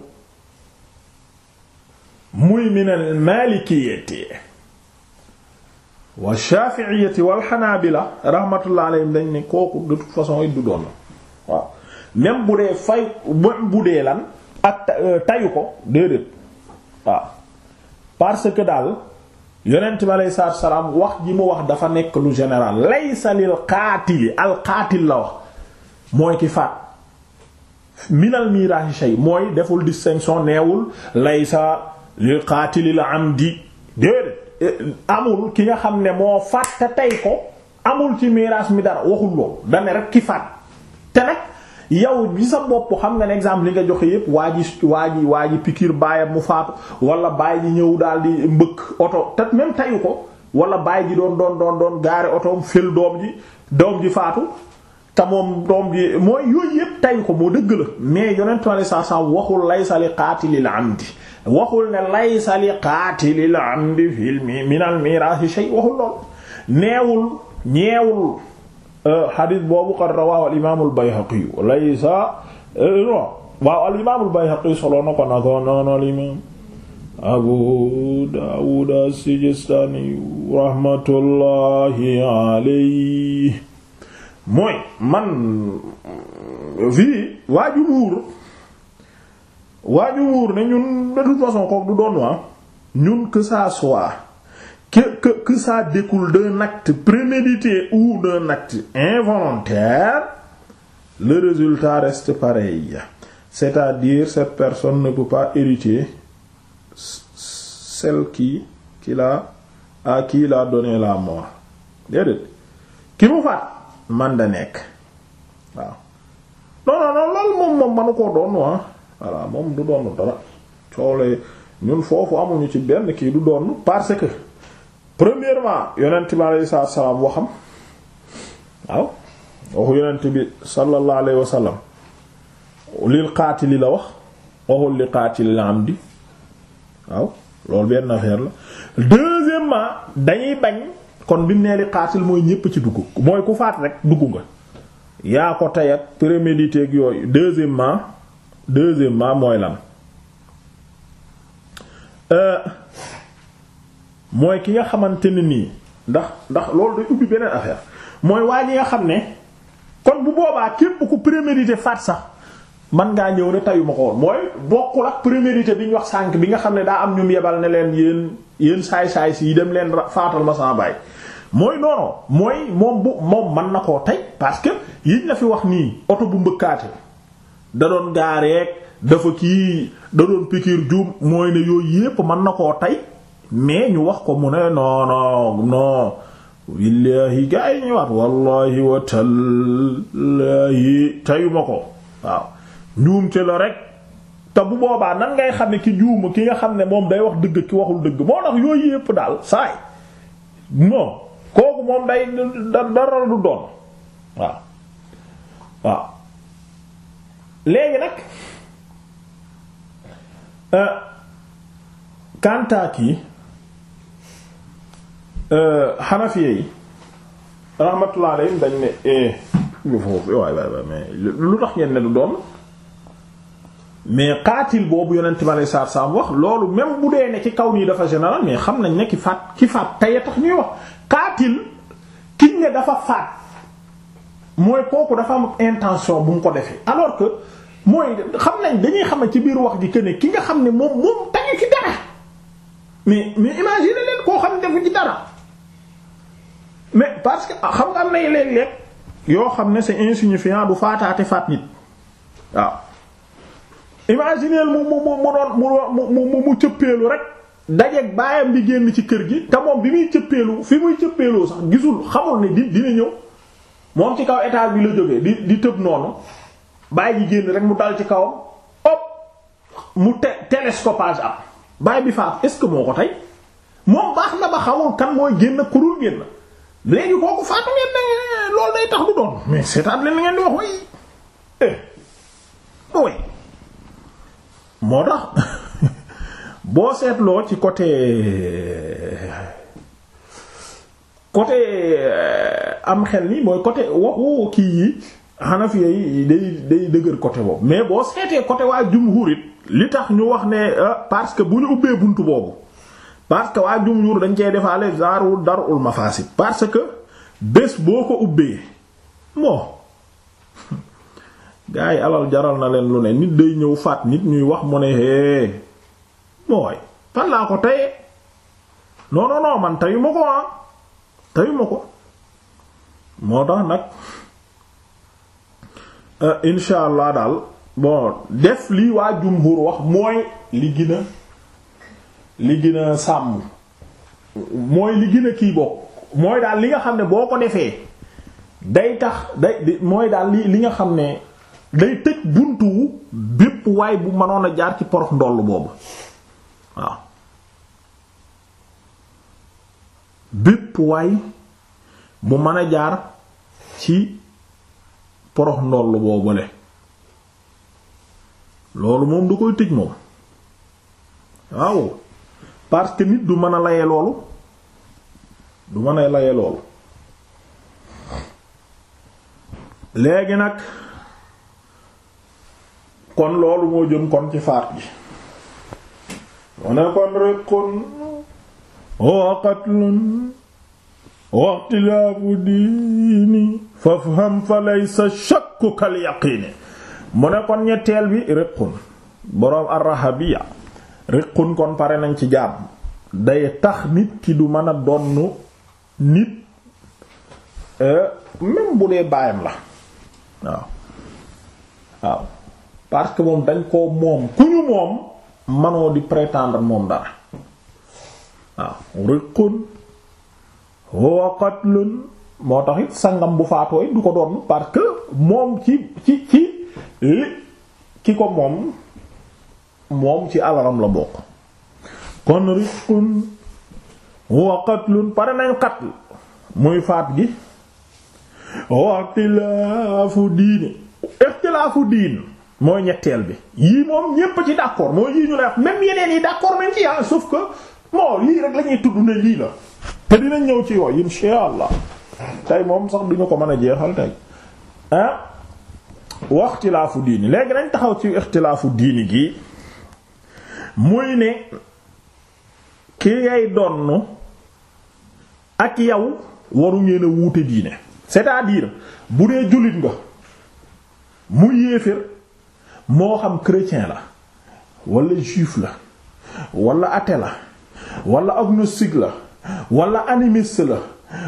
muy min al malikiyati wa shafi'iyati wal hanabila rahmatullah alayhim dañ ne kooku de toute façon it du doon la waaw même bu dee fay même bu dee lan ak euh, tayu ko déedéet waaw parce que daal yonent bi aleyhi salaam wax ji mu wax dafa nekk lu général laysa lil qaatili al qaatil la wax mooy ki faat minal miraasi shay mooy deful distinction neewul laysa lil qaatili la am di déedéet euh, amul ki nga xam ne moo faat te tey ko amul ci miraas mi dara waxul loolu dane rek ki faat te nag yow bi sa bopp xam nga ne exemple li nga joxe yépp waa ji waa ji waa ji pikiir baayam mu faatu wala baay ji ñëw daal di mbëkk oto te même tayu ko wala baay ji doon doon doon doon gaari otoom fël doom ji doom ji faatu te moom doom ji mooy yooyu yépp tayu ko moo dëgg la mais yonentu Yàlla saa saa waxul laysa li qaatilil amdi waxul ne laysa li qaatilil amdi fil minal miraasi shay waxul lool neewul ñeewul Euh, xadis boobu qad rawaahu al imaamul Bayhaqi laysa euh, non waaw al imaamul Bayhaqi solo na ko naka noonu al imaam Abu Daawud as-Sijistaani rahmatullahi mooy man fii waa jumuur waa jumuur ne ñun de toute façon kooku du doon waa ah, ñun que ça que que que ça découle d'un acte prémédité ou d'un acte involontaire le résultat reste pareil c'est-à-dire cette personne ne peut pas hériter celle qui qui l'a à qui l'a donné la mort déedéet ki mu faat man da nekk waaw non non non loolu moom moom manu koo doon ah voilà moom du doon dara coow ñun foofu amuñu ci benn kii du doon parce que. premièrement yonent bi alayhi salaatu salaam waxam waaw waxu yonent bi sallallahu alayhi wa sallam lil qaatili la wax waxul li qaatili la am di waaw loolu benn affaire la deuxièmement dañuy bañ kon bi mu nee li qaatil mooy ñépp ci dugg mooy ku faat rek dugg nga yaa ko tey ak prémédité ak yooyu deuxièmement deuxièmement mooy lan euh, mooy ki nga xamante ne nii ndax ndax loolu day ubbi beneen affaire mooy waa ñi nga xam ne kon bu boobaa képp ku prémédité faat sax man ngaa ñëw ne tayuma ko woon mooy bokkul ak prémédité bi ñu wax sànq bi nga xam ne daa am ñu yebal ne leen yéen yéen saay-saay si dem leen faatal ma sama baay mooy noonu mooy moom bu moom mën na koo tey parce que yiñ la fi wax nii oto bu mbëkkaate da doon gaareek dafa kii da doon pikiir juum mooy ne yooyu yépp mën na koo tey mais ñu wax ko mu ne non non non billaahi gaa yi ñëwaat wallaahi wa teyuma ko waaw njuumte la rek te bu boobaa nan ngay xam ne ki juuma ki nga xam ne moom day wax dëgg ki waxul dëgg moo tax yooyu yépp daal saay non kooku moom day dara du doon waaw waaw léegi nag eh, kantaak yi xanafiye euh, yi rahmatullah alayhim dañ ne eh, eh, lu mais lu tax ngeen ne lu doon mais xaatil boobu yonent bi alei saatu salaam wax loolu même bu dee ne ci kaw nii dafa général mais xam nañ ne ki faat ki faat tey tax ñuy wax kaatil kiñ ne dafa faat mooy kooku dafa am intention bu mu ko defee alors que mooy xam nañ dañuy xama ci biir wax ji que ne ki nga xam ne moom moom tañu ci dara mais mais imagine leen koo xam ne defu ci dara mais parce que ah, xam nga am nay léeg-léeg yoo xam ne c'est insignifiant du faataate faat nit waaw imagineel mu mu mu mu mu mu mu cëppeelu rek dajeeg baayam bi génn ci kër gi te moom bi muy cëppeelu fi muy cëppeeloo sax gisul xamul ne di dina ñëw moom ci kaw étage bi la jógee di di tëb noonu baay ji génn rek mu dal ci kawam hop mu te télescopage am baay bi faat est-ce que moo ko tey moom baax na ba xamul kan mooy génn ku dul génn léegi kooku faatu ngeen ne loolu day tax du doon mais seetaan leen ngeen di wax way eh, moo [LAUGHS] boo seetloo ci côté côté euh, am xel ni mooy côté waxu kii yi Hanafi yi day day dëgër côté boobu mais boo seetee côté waa jumhuur it li tax ñu wax ne ah, parce que bu ñu ubbee buntu boobu parce que waa jumhuur dañ cee defaale genre darul mafasid parce que bés boo ko ubbee moo [LAUGHS] gaa yi alal jaral na leen lu ne nit day ñëw faat nit ñuy wax mu ne hee mooy fan ko tey non non non man teyuma ko ah teyuma ko moo tax nag euh, incha allah daal bon def lii waa jumhuur wax mooy li gën li gën a sàmm mooy li gën a kii bokk mooy daal li nga xam ne boo ko defee day tax day mooy daal li nga xam ne day tëj buntu bépp waay bu mënoon a jaar ci porox ndoll boobu waaw bépp mën a jaar ci porox ndoll boobule loolu moom du koy tëj moom waaw parce que nit du mën a laye loolu du mën a laye loolu léegi nag kon loolu moo jëm kon ci faat gi mu ne kon riqun wa qatlun wa ikhtilaafu diini fafham fa laysa shakku kal yaqiini mu ne kon ñetteel bi riqun boroom ar riqun kon pare nañ ci jaam day tax nit ki du mën a donn nit euh, même bu dee baayam la waaw parce que moom dañ koo moom ku ñu moom manoo di prétendre moom dara waaw riqun huwa qatlun moo tax it sangam bu faatooy du ko doon parce que moom ci ci ci ki ko moom moom ci alalam la bokk kon rifqun wa pare nañu qatl muy faat gi wa ixtilaafu diine ixtilaafu diin mooy ñetteel bi yii moom ñépp ci d'accord mooy yii ñu lay wax même yeneen yi d'accord même ci ah sauf que moo lii rek lañuy tudd ne lii la te dinañ ñëw ci yooyu insha allah tey moom sax duñu ko mën a jeexal tey ah wa diini léegi nañ taxaw ci ixtilaafu diini gi muy ne ki ngay donn ak yow waru ngeen a wuute diine c'est-à-dire bu dee jullit nga mu yéefér moo xam chrétien la walla juif la walla ate la walla agnostique la walla animiste la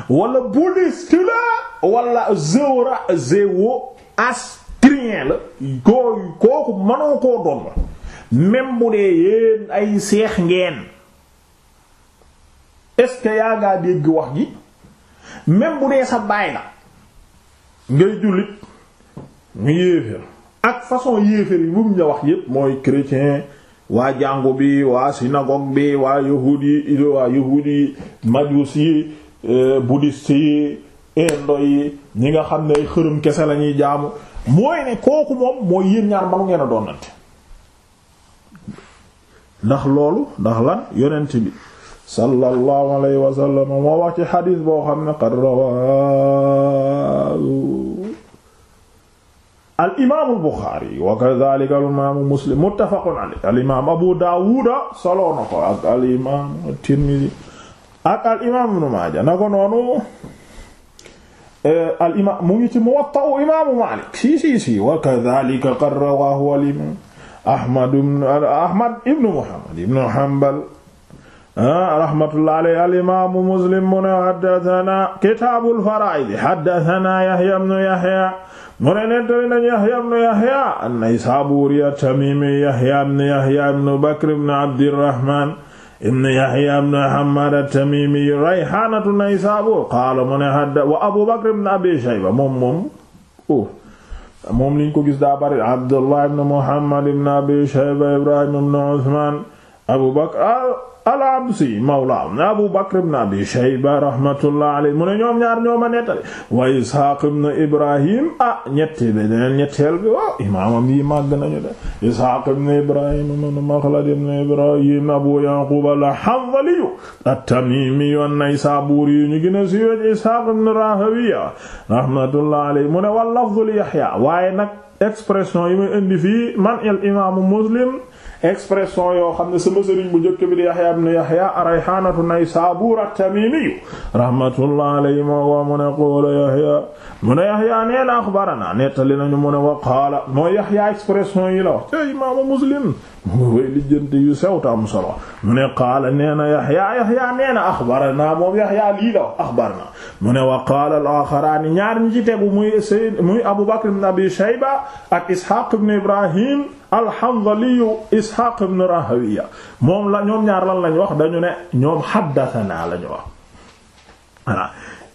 walla bouddhiste la wala zéora zéo astrien la kooyu kooku mënoo koo doon même bu dee yéen ay seex ngeen est-ce que yaa ngaa dégg wax gi même bu dee sa baay la ngay jullit ñu yéeféer ak façon yéeféer yi bu mu la wax yépp mooy chrétien waa jàngu bi waa synagogue bi waa yahudi yi waa yahudi yi majus yi euh, bouddhiste yi indo yi ñi nga xam ne ay xërëm kese lañuy jaamu mooy ne kooku moom mooy yéen ñaar manu ngeen a doonante ndax loolu ndax lan yonent bi sallallahu alayhi wa sallam moo wax ci xadiis boo xam ne qad rawaahu al imaamu al buxaari wa kadhalika al imaamu muslim muttafaqun alayhi al imaam abu daawuda soloo na ko ak al imaamu tirmidi ak al imaam ibnu maaja na ko noonu eh, al imaam mu ngi ci muwatta imaamu maalik si si si wa kadhalika qad rawaahu al imaam Ahmad Ahmad ibnu Muhammad ibnu Hanbal ah, rahmatullah alayhi al-imaamu Muslim mu ne haddathana kitaabul faraa'id haddathana Yahya ibnu Yahya mu ne nettali nañu Yahya ibnu Yahya an-Naysaabuuri at-Tamiimi Yahya ibnu Yahya ibnu Bakr ibnu Abdirrahmaan ibnu Yahya ibnu Hammaad at-Tamiimi rayhaanatu Naysaabuur qaala mu ne hadda wa Abu Bakr ibnu Abi Shayba moom moom oh, moom liñ ko gis daa bari abdullah ibn muhammad ibn abi shayba ibrahim ibn usman Abu Bakr ah, al-Absi mawla Abu Bakr ibn Abi Shayba rahmatullah alayhi mu ne ñoom ñaar ñoo ma nettali wa Ishaq ibn Ibrahim ah ñetti beneen ñetteel bi waaw oh, imaamam màgg nañu de Ishaq ibn Ibrahim ibn Makhlad ibn Ibrahim Abu Yaqub al-Hanzali at-Tamimi an-Naysaburi ñu gën a siiwe Ishaq ibn Rahawiya rahmatullah alayhi mu ne wal lafzu li Yahya Muslim expression yoo xam ne sama sëriñ bu njëkk bi di Yahya ibn Yahya ar-Rayhanatu Naysabur at-Tamimi rahmatullah alayhi wa mu ne qaala Yahya mu ne Yahya nee na axbarana nettali nañu mu ne wa qaala mooy Yahya expression yi la wax ca imaamu Muslim way lijjanti yu sew am solo mu ne qaala nee na yaxya axbarana moom yaxya lii la axbarana mu ne wa qaala al ñaar ñi ci tegu muy abu bakr ibn abi shayba ak isxaaq ibn ibrahim alhandaliyu isxaaq ibn rahawiya moom la ñoom ñaar lan lañ wax dañu ne ñoom xaddatanaa lañu wax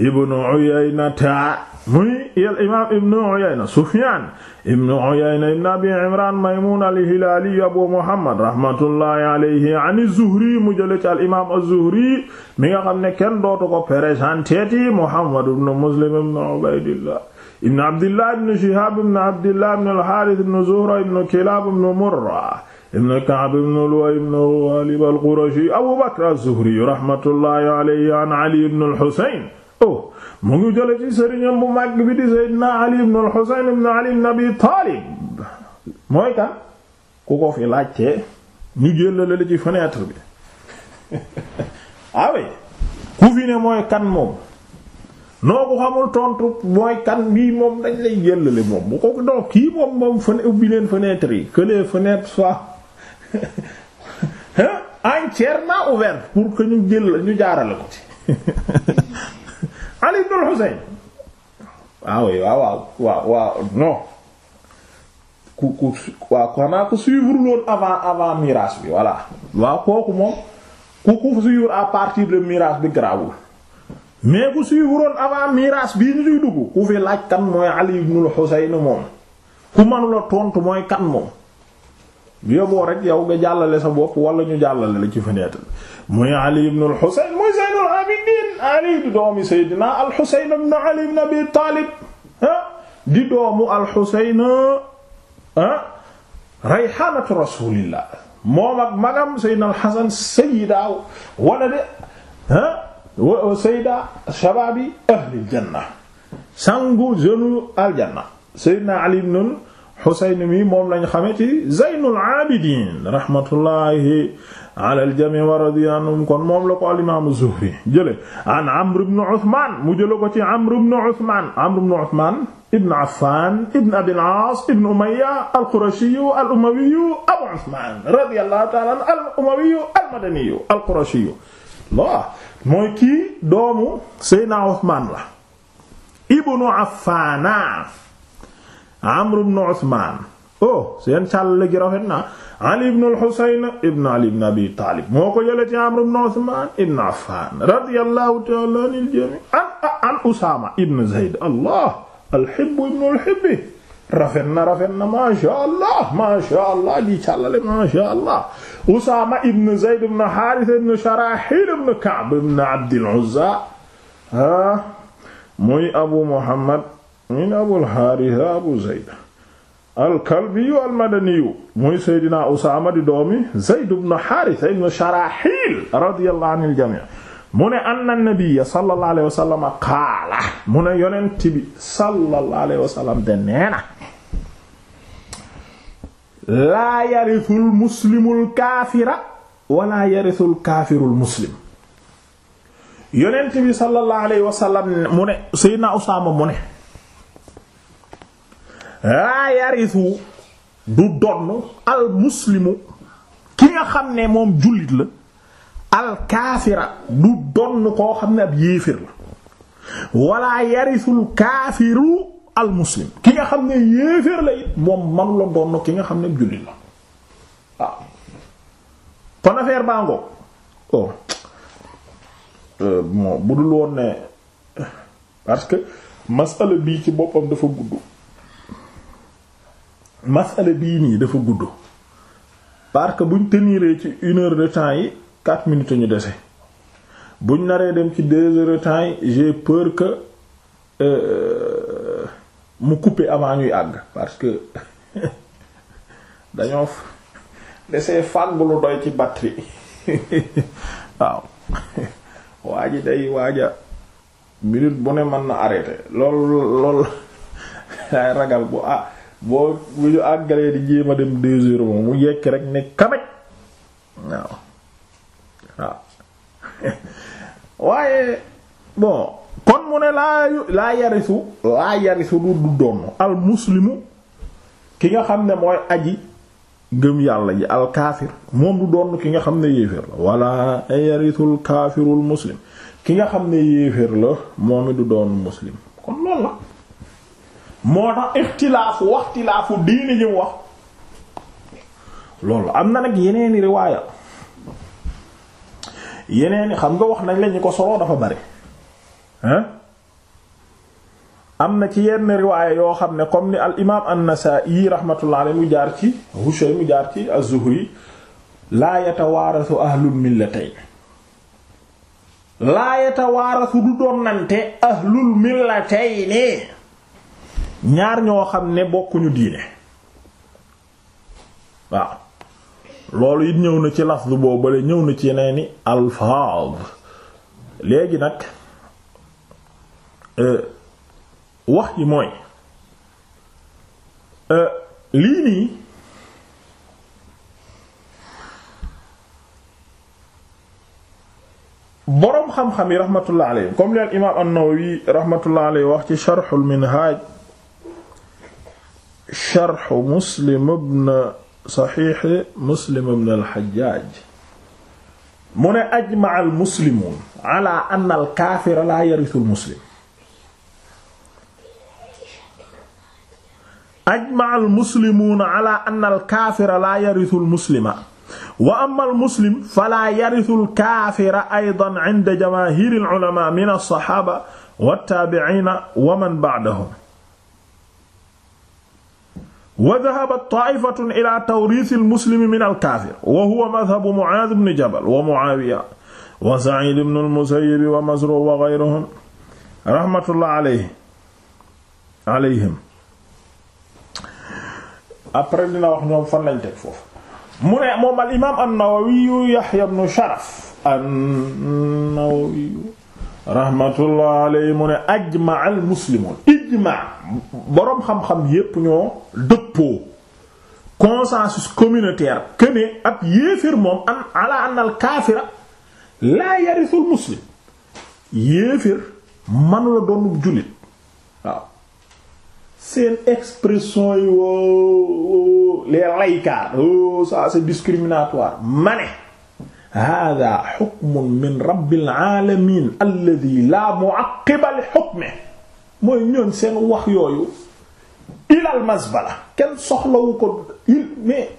ibnu Uyaynata muy imaam ibnu Uyayna Sufyaan ibnu Uyayna ibnu Abi Imraan Maymuun al-Hilaali Abu Muhammad rahmatullahi alayhi an Zuhri mu jële ci al-imaam az-Zuhri mi nga xam ne kenn dootu ko présenté Muhammad ibnu Muslim ibnu Ubaydillah ibnu Abdillah ibnu Shihaab ibnu Abdillah ibnu al-Haaris ibnu Zuhra ibnu Kilaab ibnu Murra ibnu Ka'b ibnu Luway ibnu Ghaalib al-Qurashi Abu Bakr az-Zuhri rahmatullahi alayhi an Ali ibnu al-Husayn oh mu ngi jële ci sëriñam bu mag bi di Seydina Ali ibn al-Husayn ibn Ali ibn Abi mooy kan ku ko fi laajtee ñu génn la ci fenêtre bi awe [LAUGHS] ah ku fi ne mooy kan moom noo ko xamul tontu mooy kan bii moom dañ lay jëllale moom bu ko dox kii moom moom fene ubbi leen fenêtre yi que les fenêtres soient [LAUGHS] entièrement pour que ñu jël ñu jaarale ko ci [LAUGHS] Ali ibn al waaw ah waaw waaw waaw waaw non ku ku waaw xanaa ku suivre loon avant avant miraas bi voilà waaw kooku moom ku ku suivre à partir de miraas bi garaawul mais ku suivre avant miraas bii ñu dugg ku fi laaj kan mooy Ali ibn al moom ku manula tontu mooy kan moom yoboo rek yow nga jàllale sa bopp wala ñu jàllale la ci fenêtre muy Ali ibn al-Husayn muy Zaynul Abidin al-Husayn ibn Ali ibn Abi Talib di doomu al-Husayn ah rasulillah moom ak magam Seydina al-Hasan sayyida wala de ahli al-janna sangu jeune al-janna Seydina Ali ibn Xuseyn mi moom lañ xame ci Zeynul Abidin rahmatullahi ala al-jamii wa radiya anhum kon moom la ko al-imaam Zuhri jële an Amr ibn Usmaan mu jële ko ci Amr ibn Usmaan Amr ibn Usmaan ibn Affaan ibn Abil Aas ibn Umayya al-Qurashi al-Umawi Abu Usmaan radiyallahu ta'ala anhu al-Umawi al-Madani al-Qurashi la mooy kii doomu Seydina Usmaan la ibnu Affaana Amr ibn Usmaan oh seen càll gi rafet na Ali ibn al-Husayn ibn Ali ibn Abi Taalib moo ko jëlee ci Amr ibn Usmaan ibn Affaan radiyallahu ta'ala anil jamii' an an Usaama ibn Zayd Allah al-hibb ibn al-hibb rafet na rafet na masha Allah masha Allah di càllale masha Allah Usaama ibn Zayd ibn Haarisa ibn Sharaahil ibn Ka'b ibn Abd al-Uzza ha ah, muy Abu Muhammad min abul haarisa abu zeyd alkalbiyu almadaniyu muy seydina usaama di doomi zeyd ibn haarisa ibn sharaxiil radiyallahu anil jamii mu ne anna nabiyya sallallahu alayhi wa sallam qaala mu ne yonent bi sallallahu alayhi wa sallam de neena laa yarisul muslimul kaafira wala yarisul kaafirul muslim yonent bi sallallahu alayhi wa sallam mu ne seydina usaama mu ne laa yarisu du donn al muslimu ki nga xam ne moom jullit la al kaafira du donn koo xam ne ab yéefir la wala yarisul kaafiru al muslim ki nga xam ne yéefir la it moom manu la ki nga xam ne ab jullit la kon affaire baa ngoog oh bu dul woon ne parce que masala bii ci boppam dafa gudd masala bii nii dafa gudd parce buñ teniree ci une heure de temps yi quatre minutes ñu dese buñ naree dem ci deux heures de temps yi j'ai peur que euh, mu couper avant ñuy àgg parce que [LAUGHS] dañoo desee fànn bu lu doy ci batterie [LAUGHS] waaw [LAUGHS] waa ji day waaja minute bu ne mën na arrêter lool lool lay ragal bu ah boo bu ñu àggalee di jéem a dem deux heures moom mu yekk rek ne kamaj waaw [LAUGHS] waaye bon kon mu ne laa laa yarisu laa yarisu du du al muslimu ki nga xam ne mooy aji ngëm yàlla ji al kaafir moom du doon ki nga xam ne yéeféer la wala yarisul kaafirul muslim ki nga xam ne yéeféer la moom du doon muslim kon lool la moo tax ixtilaafu waxtilaafu diini ñi wax loolu am na nag yeneeni riwaaya yeneeni xam nga wax nañ la ñu ko soloo dafa bari hein am na ci yenn riwaaya yoo xam ne comme ni al imaam an-Nasaa'i mu jaar ci Husaym mu jaar ci az-Zuhri laa yatawaarasu ahlul millatayn laa yatawaarasu du doon nante ahlul millatayn ñaar ñoo xam ne bokkuñu diine waaw loolu it ñëw na ci lafz boobale ñëw na ci yeneen yeneeni alfaaz léegi nag euh, wax ji mooy euh, lii nii boroom xam-xam yi raxmatullah alayhi comme li al imaam an-Nawawi raxmatullah alayhi wax ci sharhul minhaj sharxu muslim ibn saxiixi muslim ibn al-Hajjaaj mu ne ajmaa almuslimuun ala anna alkaafira laa yarisu almuslim ajmaa almuslimuun ala anna alkaafira laa yarisu almuslima wa amma almuslim falaa yarisu alkaafira aydan inda jamaahiiri alulamaa min alsaxaaba wattaabi'iina wa man ba'dahum wa dahabat taa'ifatun ilaa tawriisil muslimi minal kaafir wa huwa madhabu Mu'aaz ibn Jabal wa Mu'aawiya wa Sa'iid ibn al-Musayyib wa Masruuq wa ghayrihim rahmatullahi alayhi alayhim après dina wax ñoom fan lañ teg foofu mu ne moom al imaam an-Nawawi Yahya ibn Sharaf an-Nawawi rahmatullah alayhi mu ne ajma al muslimun ijma boroom xam-xam yépp ñoo dëpp dëppoo consensus communautaire que ne ab yéeféer moom an ala anal kaafira laa yarisul muslim yéeféer manula doonub jullit waaw seen expression yi woo les laykaar oh ça c'est discriminatoire ma ne hada xukmun min rabbil alamin alladi la muaqiba li xukme mooy ñoon seen wax yooyu ilal masbala kenn soxlawu ko il mais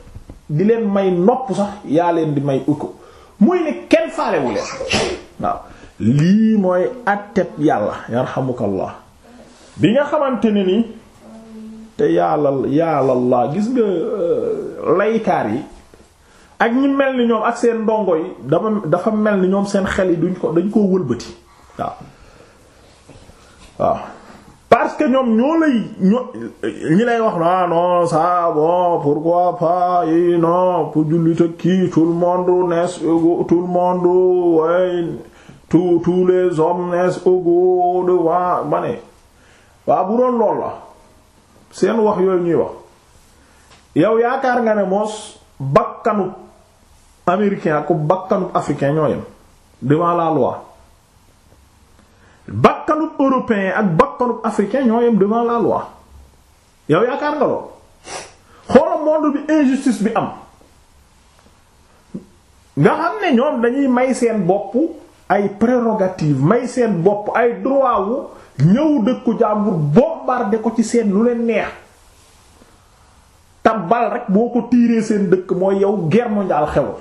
di leen may nopp sax yaa leen di may uko muy ne kenn faalewu leen waaw lii mooy atteb yàlla yarhamukallah bi nga xamante ni ni te yàlla yàlla laa gis nga euh, laykaar yi ak ñi mel ni ñoom ak seen ndongo yi dafa dafa mel ni ñoom seen xel yi duñ ko dañ koo wëlbati waaw waaw parce que ñoom ñoo lay ñi lay wax non ah, non ça bon pourquoi pas yi eh, pour jullit ak kii tout le monde n'est tout le monde way tous tous les hommes n'est égaux devant ma ne waaw bu doon lool la seen wax yooyu ñuy wax yow yaakaar nga ne moos bakkanut américain ak bakkanut africain ñoo yem devant loi bakkanub européen ak bakkanub africain ñoo yem devant la loi yow yaakaar nga lool xoolal monde bi injustice bi am nga xam ne ñoom dañuy may seen bopp ay prérogative may seen bopp ay droit wu ñëw dëkku jàmbur bombarder ko ci seen lu leen neex tabal rek boo ko tiiree seen dëkk mooy yow guerre mondiale xewul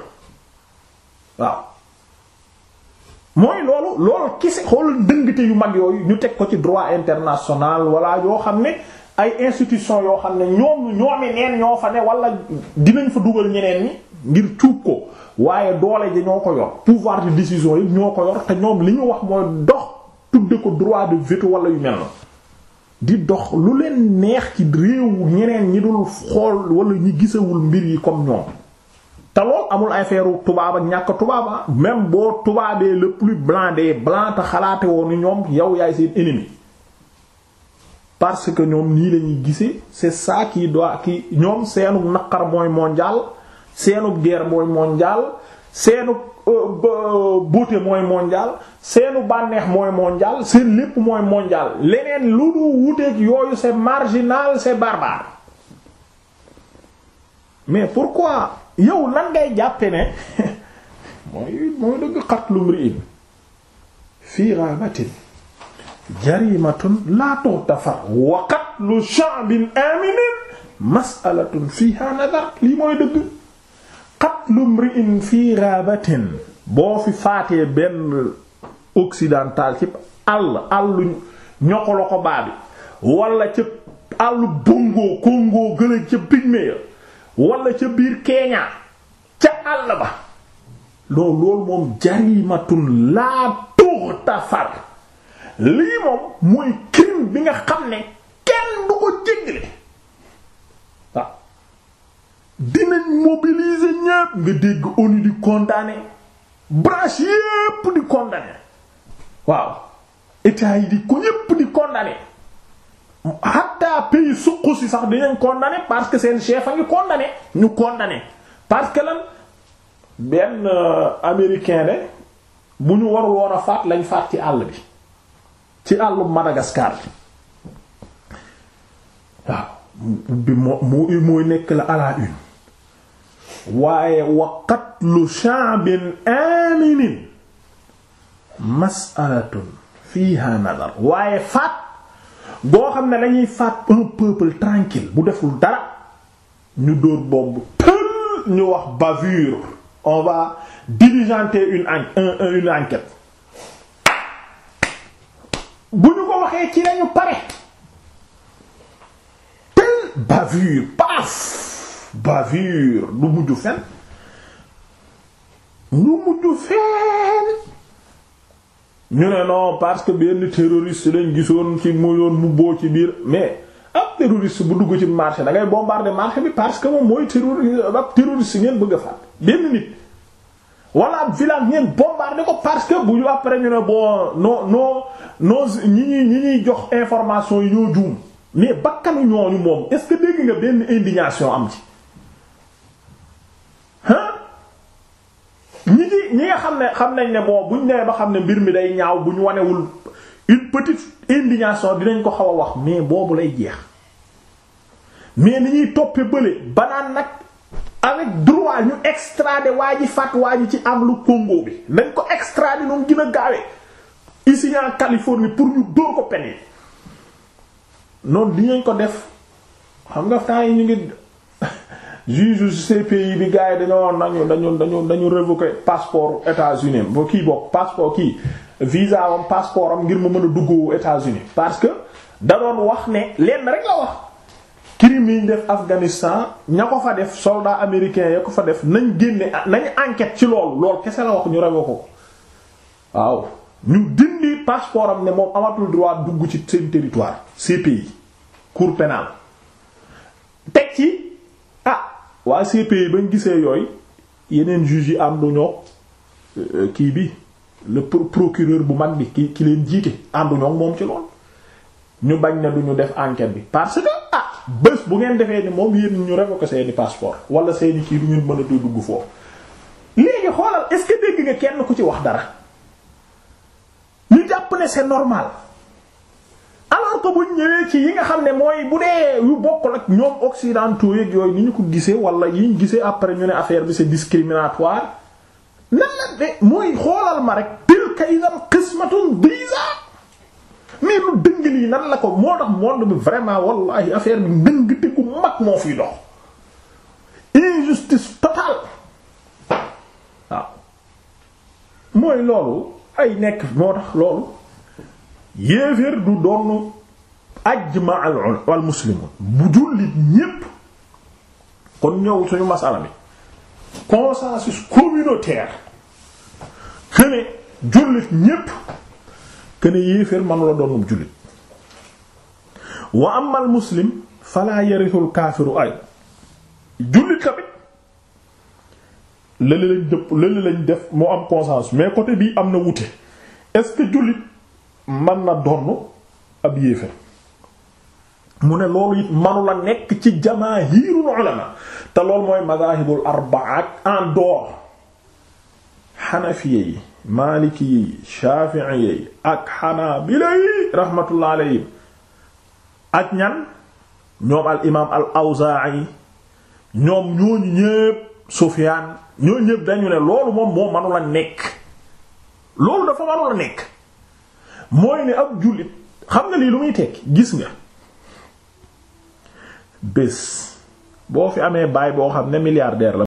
mooy loolu lool kese xool dëngte yu mag yooyu ñu teg ko ci droit international wala yoo xam ne ay institution yoo xam ne ñoom ñoomi neen ñoo fa ne wala dinañ fa dugal ñeneen ñi ngir cuub ko waaye doole ji ñoo ko yor pouvoir de décision yi ñoo ko yor te ñoom li ñu wax mooy dox tudde ko droit de veto wala yu mel na di dox lu leen neex ci réewu ñeneen ñi dul xool wala ñi gisawul mbir yi comme ñoom te lool amul ay feeru tubaab ñàkk tubaaba ah. même boo tubaabee le plus blanc des xalaate woonu ñoom yow yaay seen ennemi parce que ñoom nii lañuy gisee c'est ça qui doit qui ñoom seenub naqar mooy mondial seenu guerre mooy mondial seenu euh, euh, beauté mooy mondial seenu bànneex mooy mondial seen lépp mooy mondial leneen lu du wuteeg yooyu c'est marginal c'est barbare mais pourquoi yow lan ngay jàppe ne [LAUGHS] mooy mooy dëgg xatlum ri'in fii rabatin jarimatun laa tuxtafar wa qatlu sha'bin aminin mas'alatun fiha nadar lii mooy dëgg qatlum ri'in fii rabatin boo fi faatee benn occidental ci àll àllu ñoqolo ko baabi wala ca àllu bongo kongo gëlëg ca pygmée wala ca biir keeñaa ca àll ba loolu loolu moom jarimatun laa tuxtafar lii moom mooy crime bi nga xam ne kenn du ko jéggale waaw ah. dinañ mobiliser ñépp nga dégg ONU di condamné branche yépp di condamné waaw état yi di ko ñépp di condamné hatta pays suqu si sax dinañ condamné parce que seen chef a ngi condamné ñu condamné parce que lan benn euh, américain de bu ñu war woon faat lañ faat ci àll bi ci àllu Madagascar bi waaw bi moo nekk la à une waaye wa qatlu sha'bin aminin mas'alatun fiha nadar waaye faat boo xam ne dañuy faat un peuple tranquille bu deful dara ñu dóor bombe tël ñu wax bavure on va diligenter une en une enquête bu ñu ko waxee ci lañu pare tël bavure paf bavure du mujj fen du mujj fen ñu ne non parce que benn terroriste lañ gisoon ci mu yoon mu boo ci biir mais ab terroriste bu dugg ci marché da ngay bombarder marché bi parce que moom mooy terroriste ab terroriste ngeen bëgg a faat benn nit. wala ab village ngeen bombarder ko parce que bu ñu après ñu ne bon non non non ñi ñuy ñi ñuy jox information yi ñoo mais bakkanu ñooñu moom est-ce que dégg nga benn indignation am ci ah. ñi ci ñi nga xam ne xam nañ ne bon buñ nee ba xam ne mbir mi day ñaaw bu ñu wanewul une petite indignation dinañ ko xaw a wax mais boobu lay jeex mais ni ñuy toppe bële banaan nag avec droit ñu extrader waa ji fat waa ji ci am lu Congo bi nañ ko extrader noonu gën a gaawee ici en pour ñu dóor ko peine noonu dinañ ko def xam nga temps yi ñu ngi juge yi bi gars yi dañoo nañu dañu dañu dañu révoquer passeport États-Unis ba kii bokk passeport kii visa am am ngir ma mën a dugg États-Unis parce que da wax ne lenn rek la wax crime yi ñu def Afghanistan ña ko fa def soldat américain ya ko fa def nañ génne nañ enquête ci loolu lool kese la wax ñu révoquer ko waaw ñu dindi passeport am ne moom amatul droit dugg ci seen territoire CPI cour pénale teg ci waa CPI bañ gisee yooy yeneen juge yi ànduñoo euh, kii bi le procureur bu mag bi ki ki leen jiite ànduñoo moom ci loon ñu bañ ne duñu def enquête bi parce que ah bés bu ngeen defee ni moom yéen ñu ko seeni passeport wala seeni kii du ngeen mën a dugg foofu léegi xoolal est-ce que dégg nga kenn ku ci wax dara ñu jàpp ne c'est normal alors que yi nga xam ne mooy bu dee yu bokkul ak ñoom occidentaux yeeg yooyu ñu ko gisee wala yi ñu gisee après ñu ne affaire bi c'est discriminatoire nan la de mooy xoolal ma rek tilka idan qismatun diza mais lu dëng lii nan la ko moo tax monde bi vraiment wallahi affaire bi ndëng te ku mag moo fi dox injustice totale waaw mooy loolu ay nekk moo tax loolu yéeféer du doon ajma al muslimun bu jullit ñépp kon ñëw suñu masala bi consensus communautaire que ne jullit ñépp que ne yéeféer manu la doon jullit wa amal muslim fala yarithul kaafiru ay jullit tamit lële lañ dëpp lële lañ def moo am consensus mais côté bii am na wute est-ce que jullit man na donn ab yéeféer mu ne loolu it manu la nekk ci jamaahirul ulama te loolu mooy madahibul arbaa en dehors xanafiye yi maliki yi ak xanaabila yi rahmatullah alayhim ak ñan ñoom al imam ñoom ñooñu ñépp sufyaan ñooñu ñépp dañu ne loolu moom moo manu la nekk loolu dafa manu la nekk mooy ne ab jullit xam nga lii lu muy tekki gis nga bés boo fi amee baay boo xam ne milliardaire la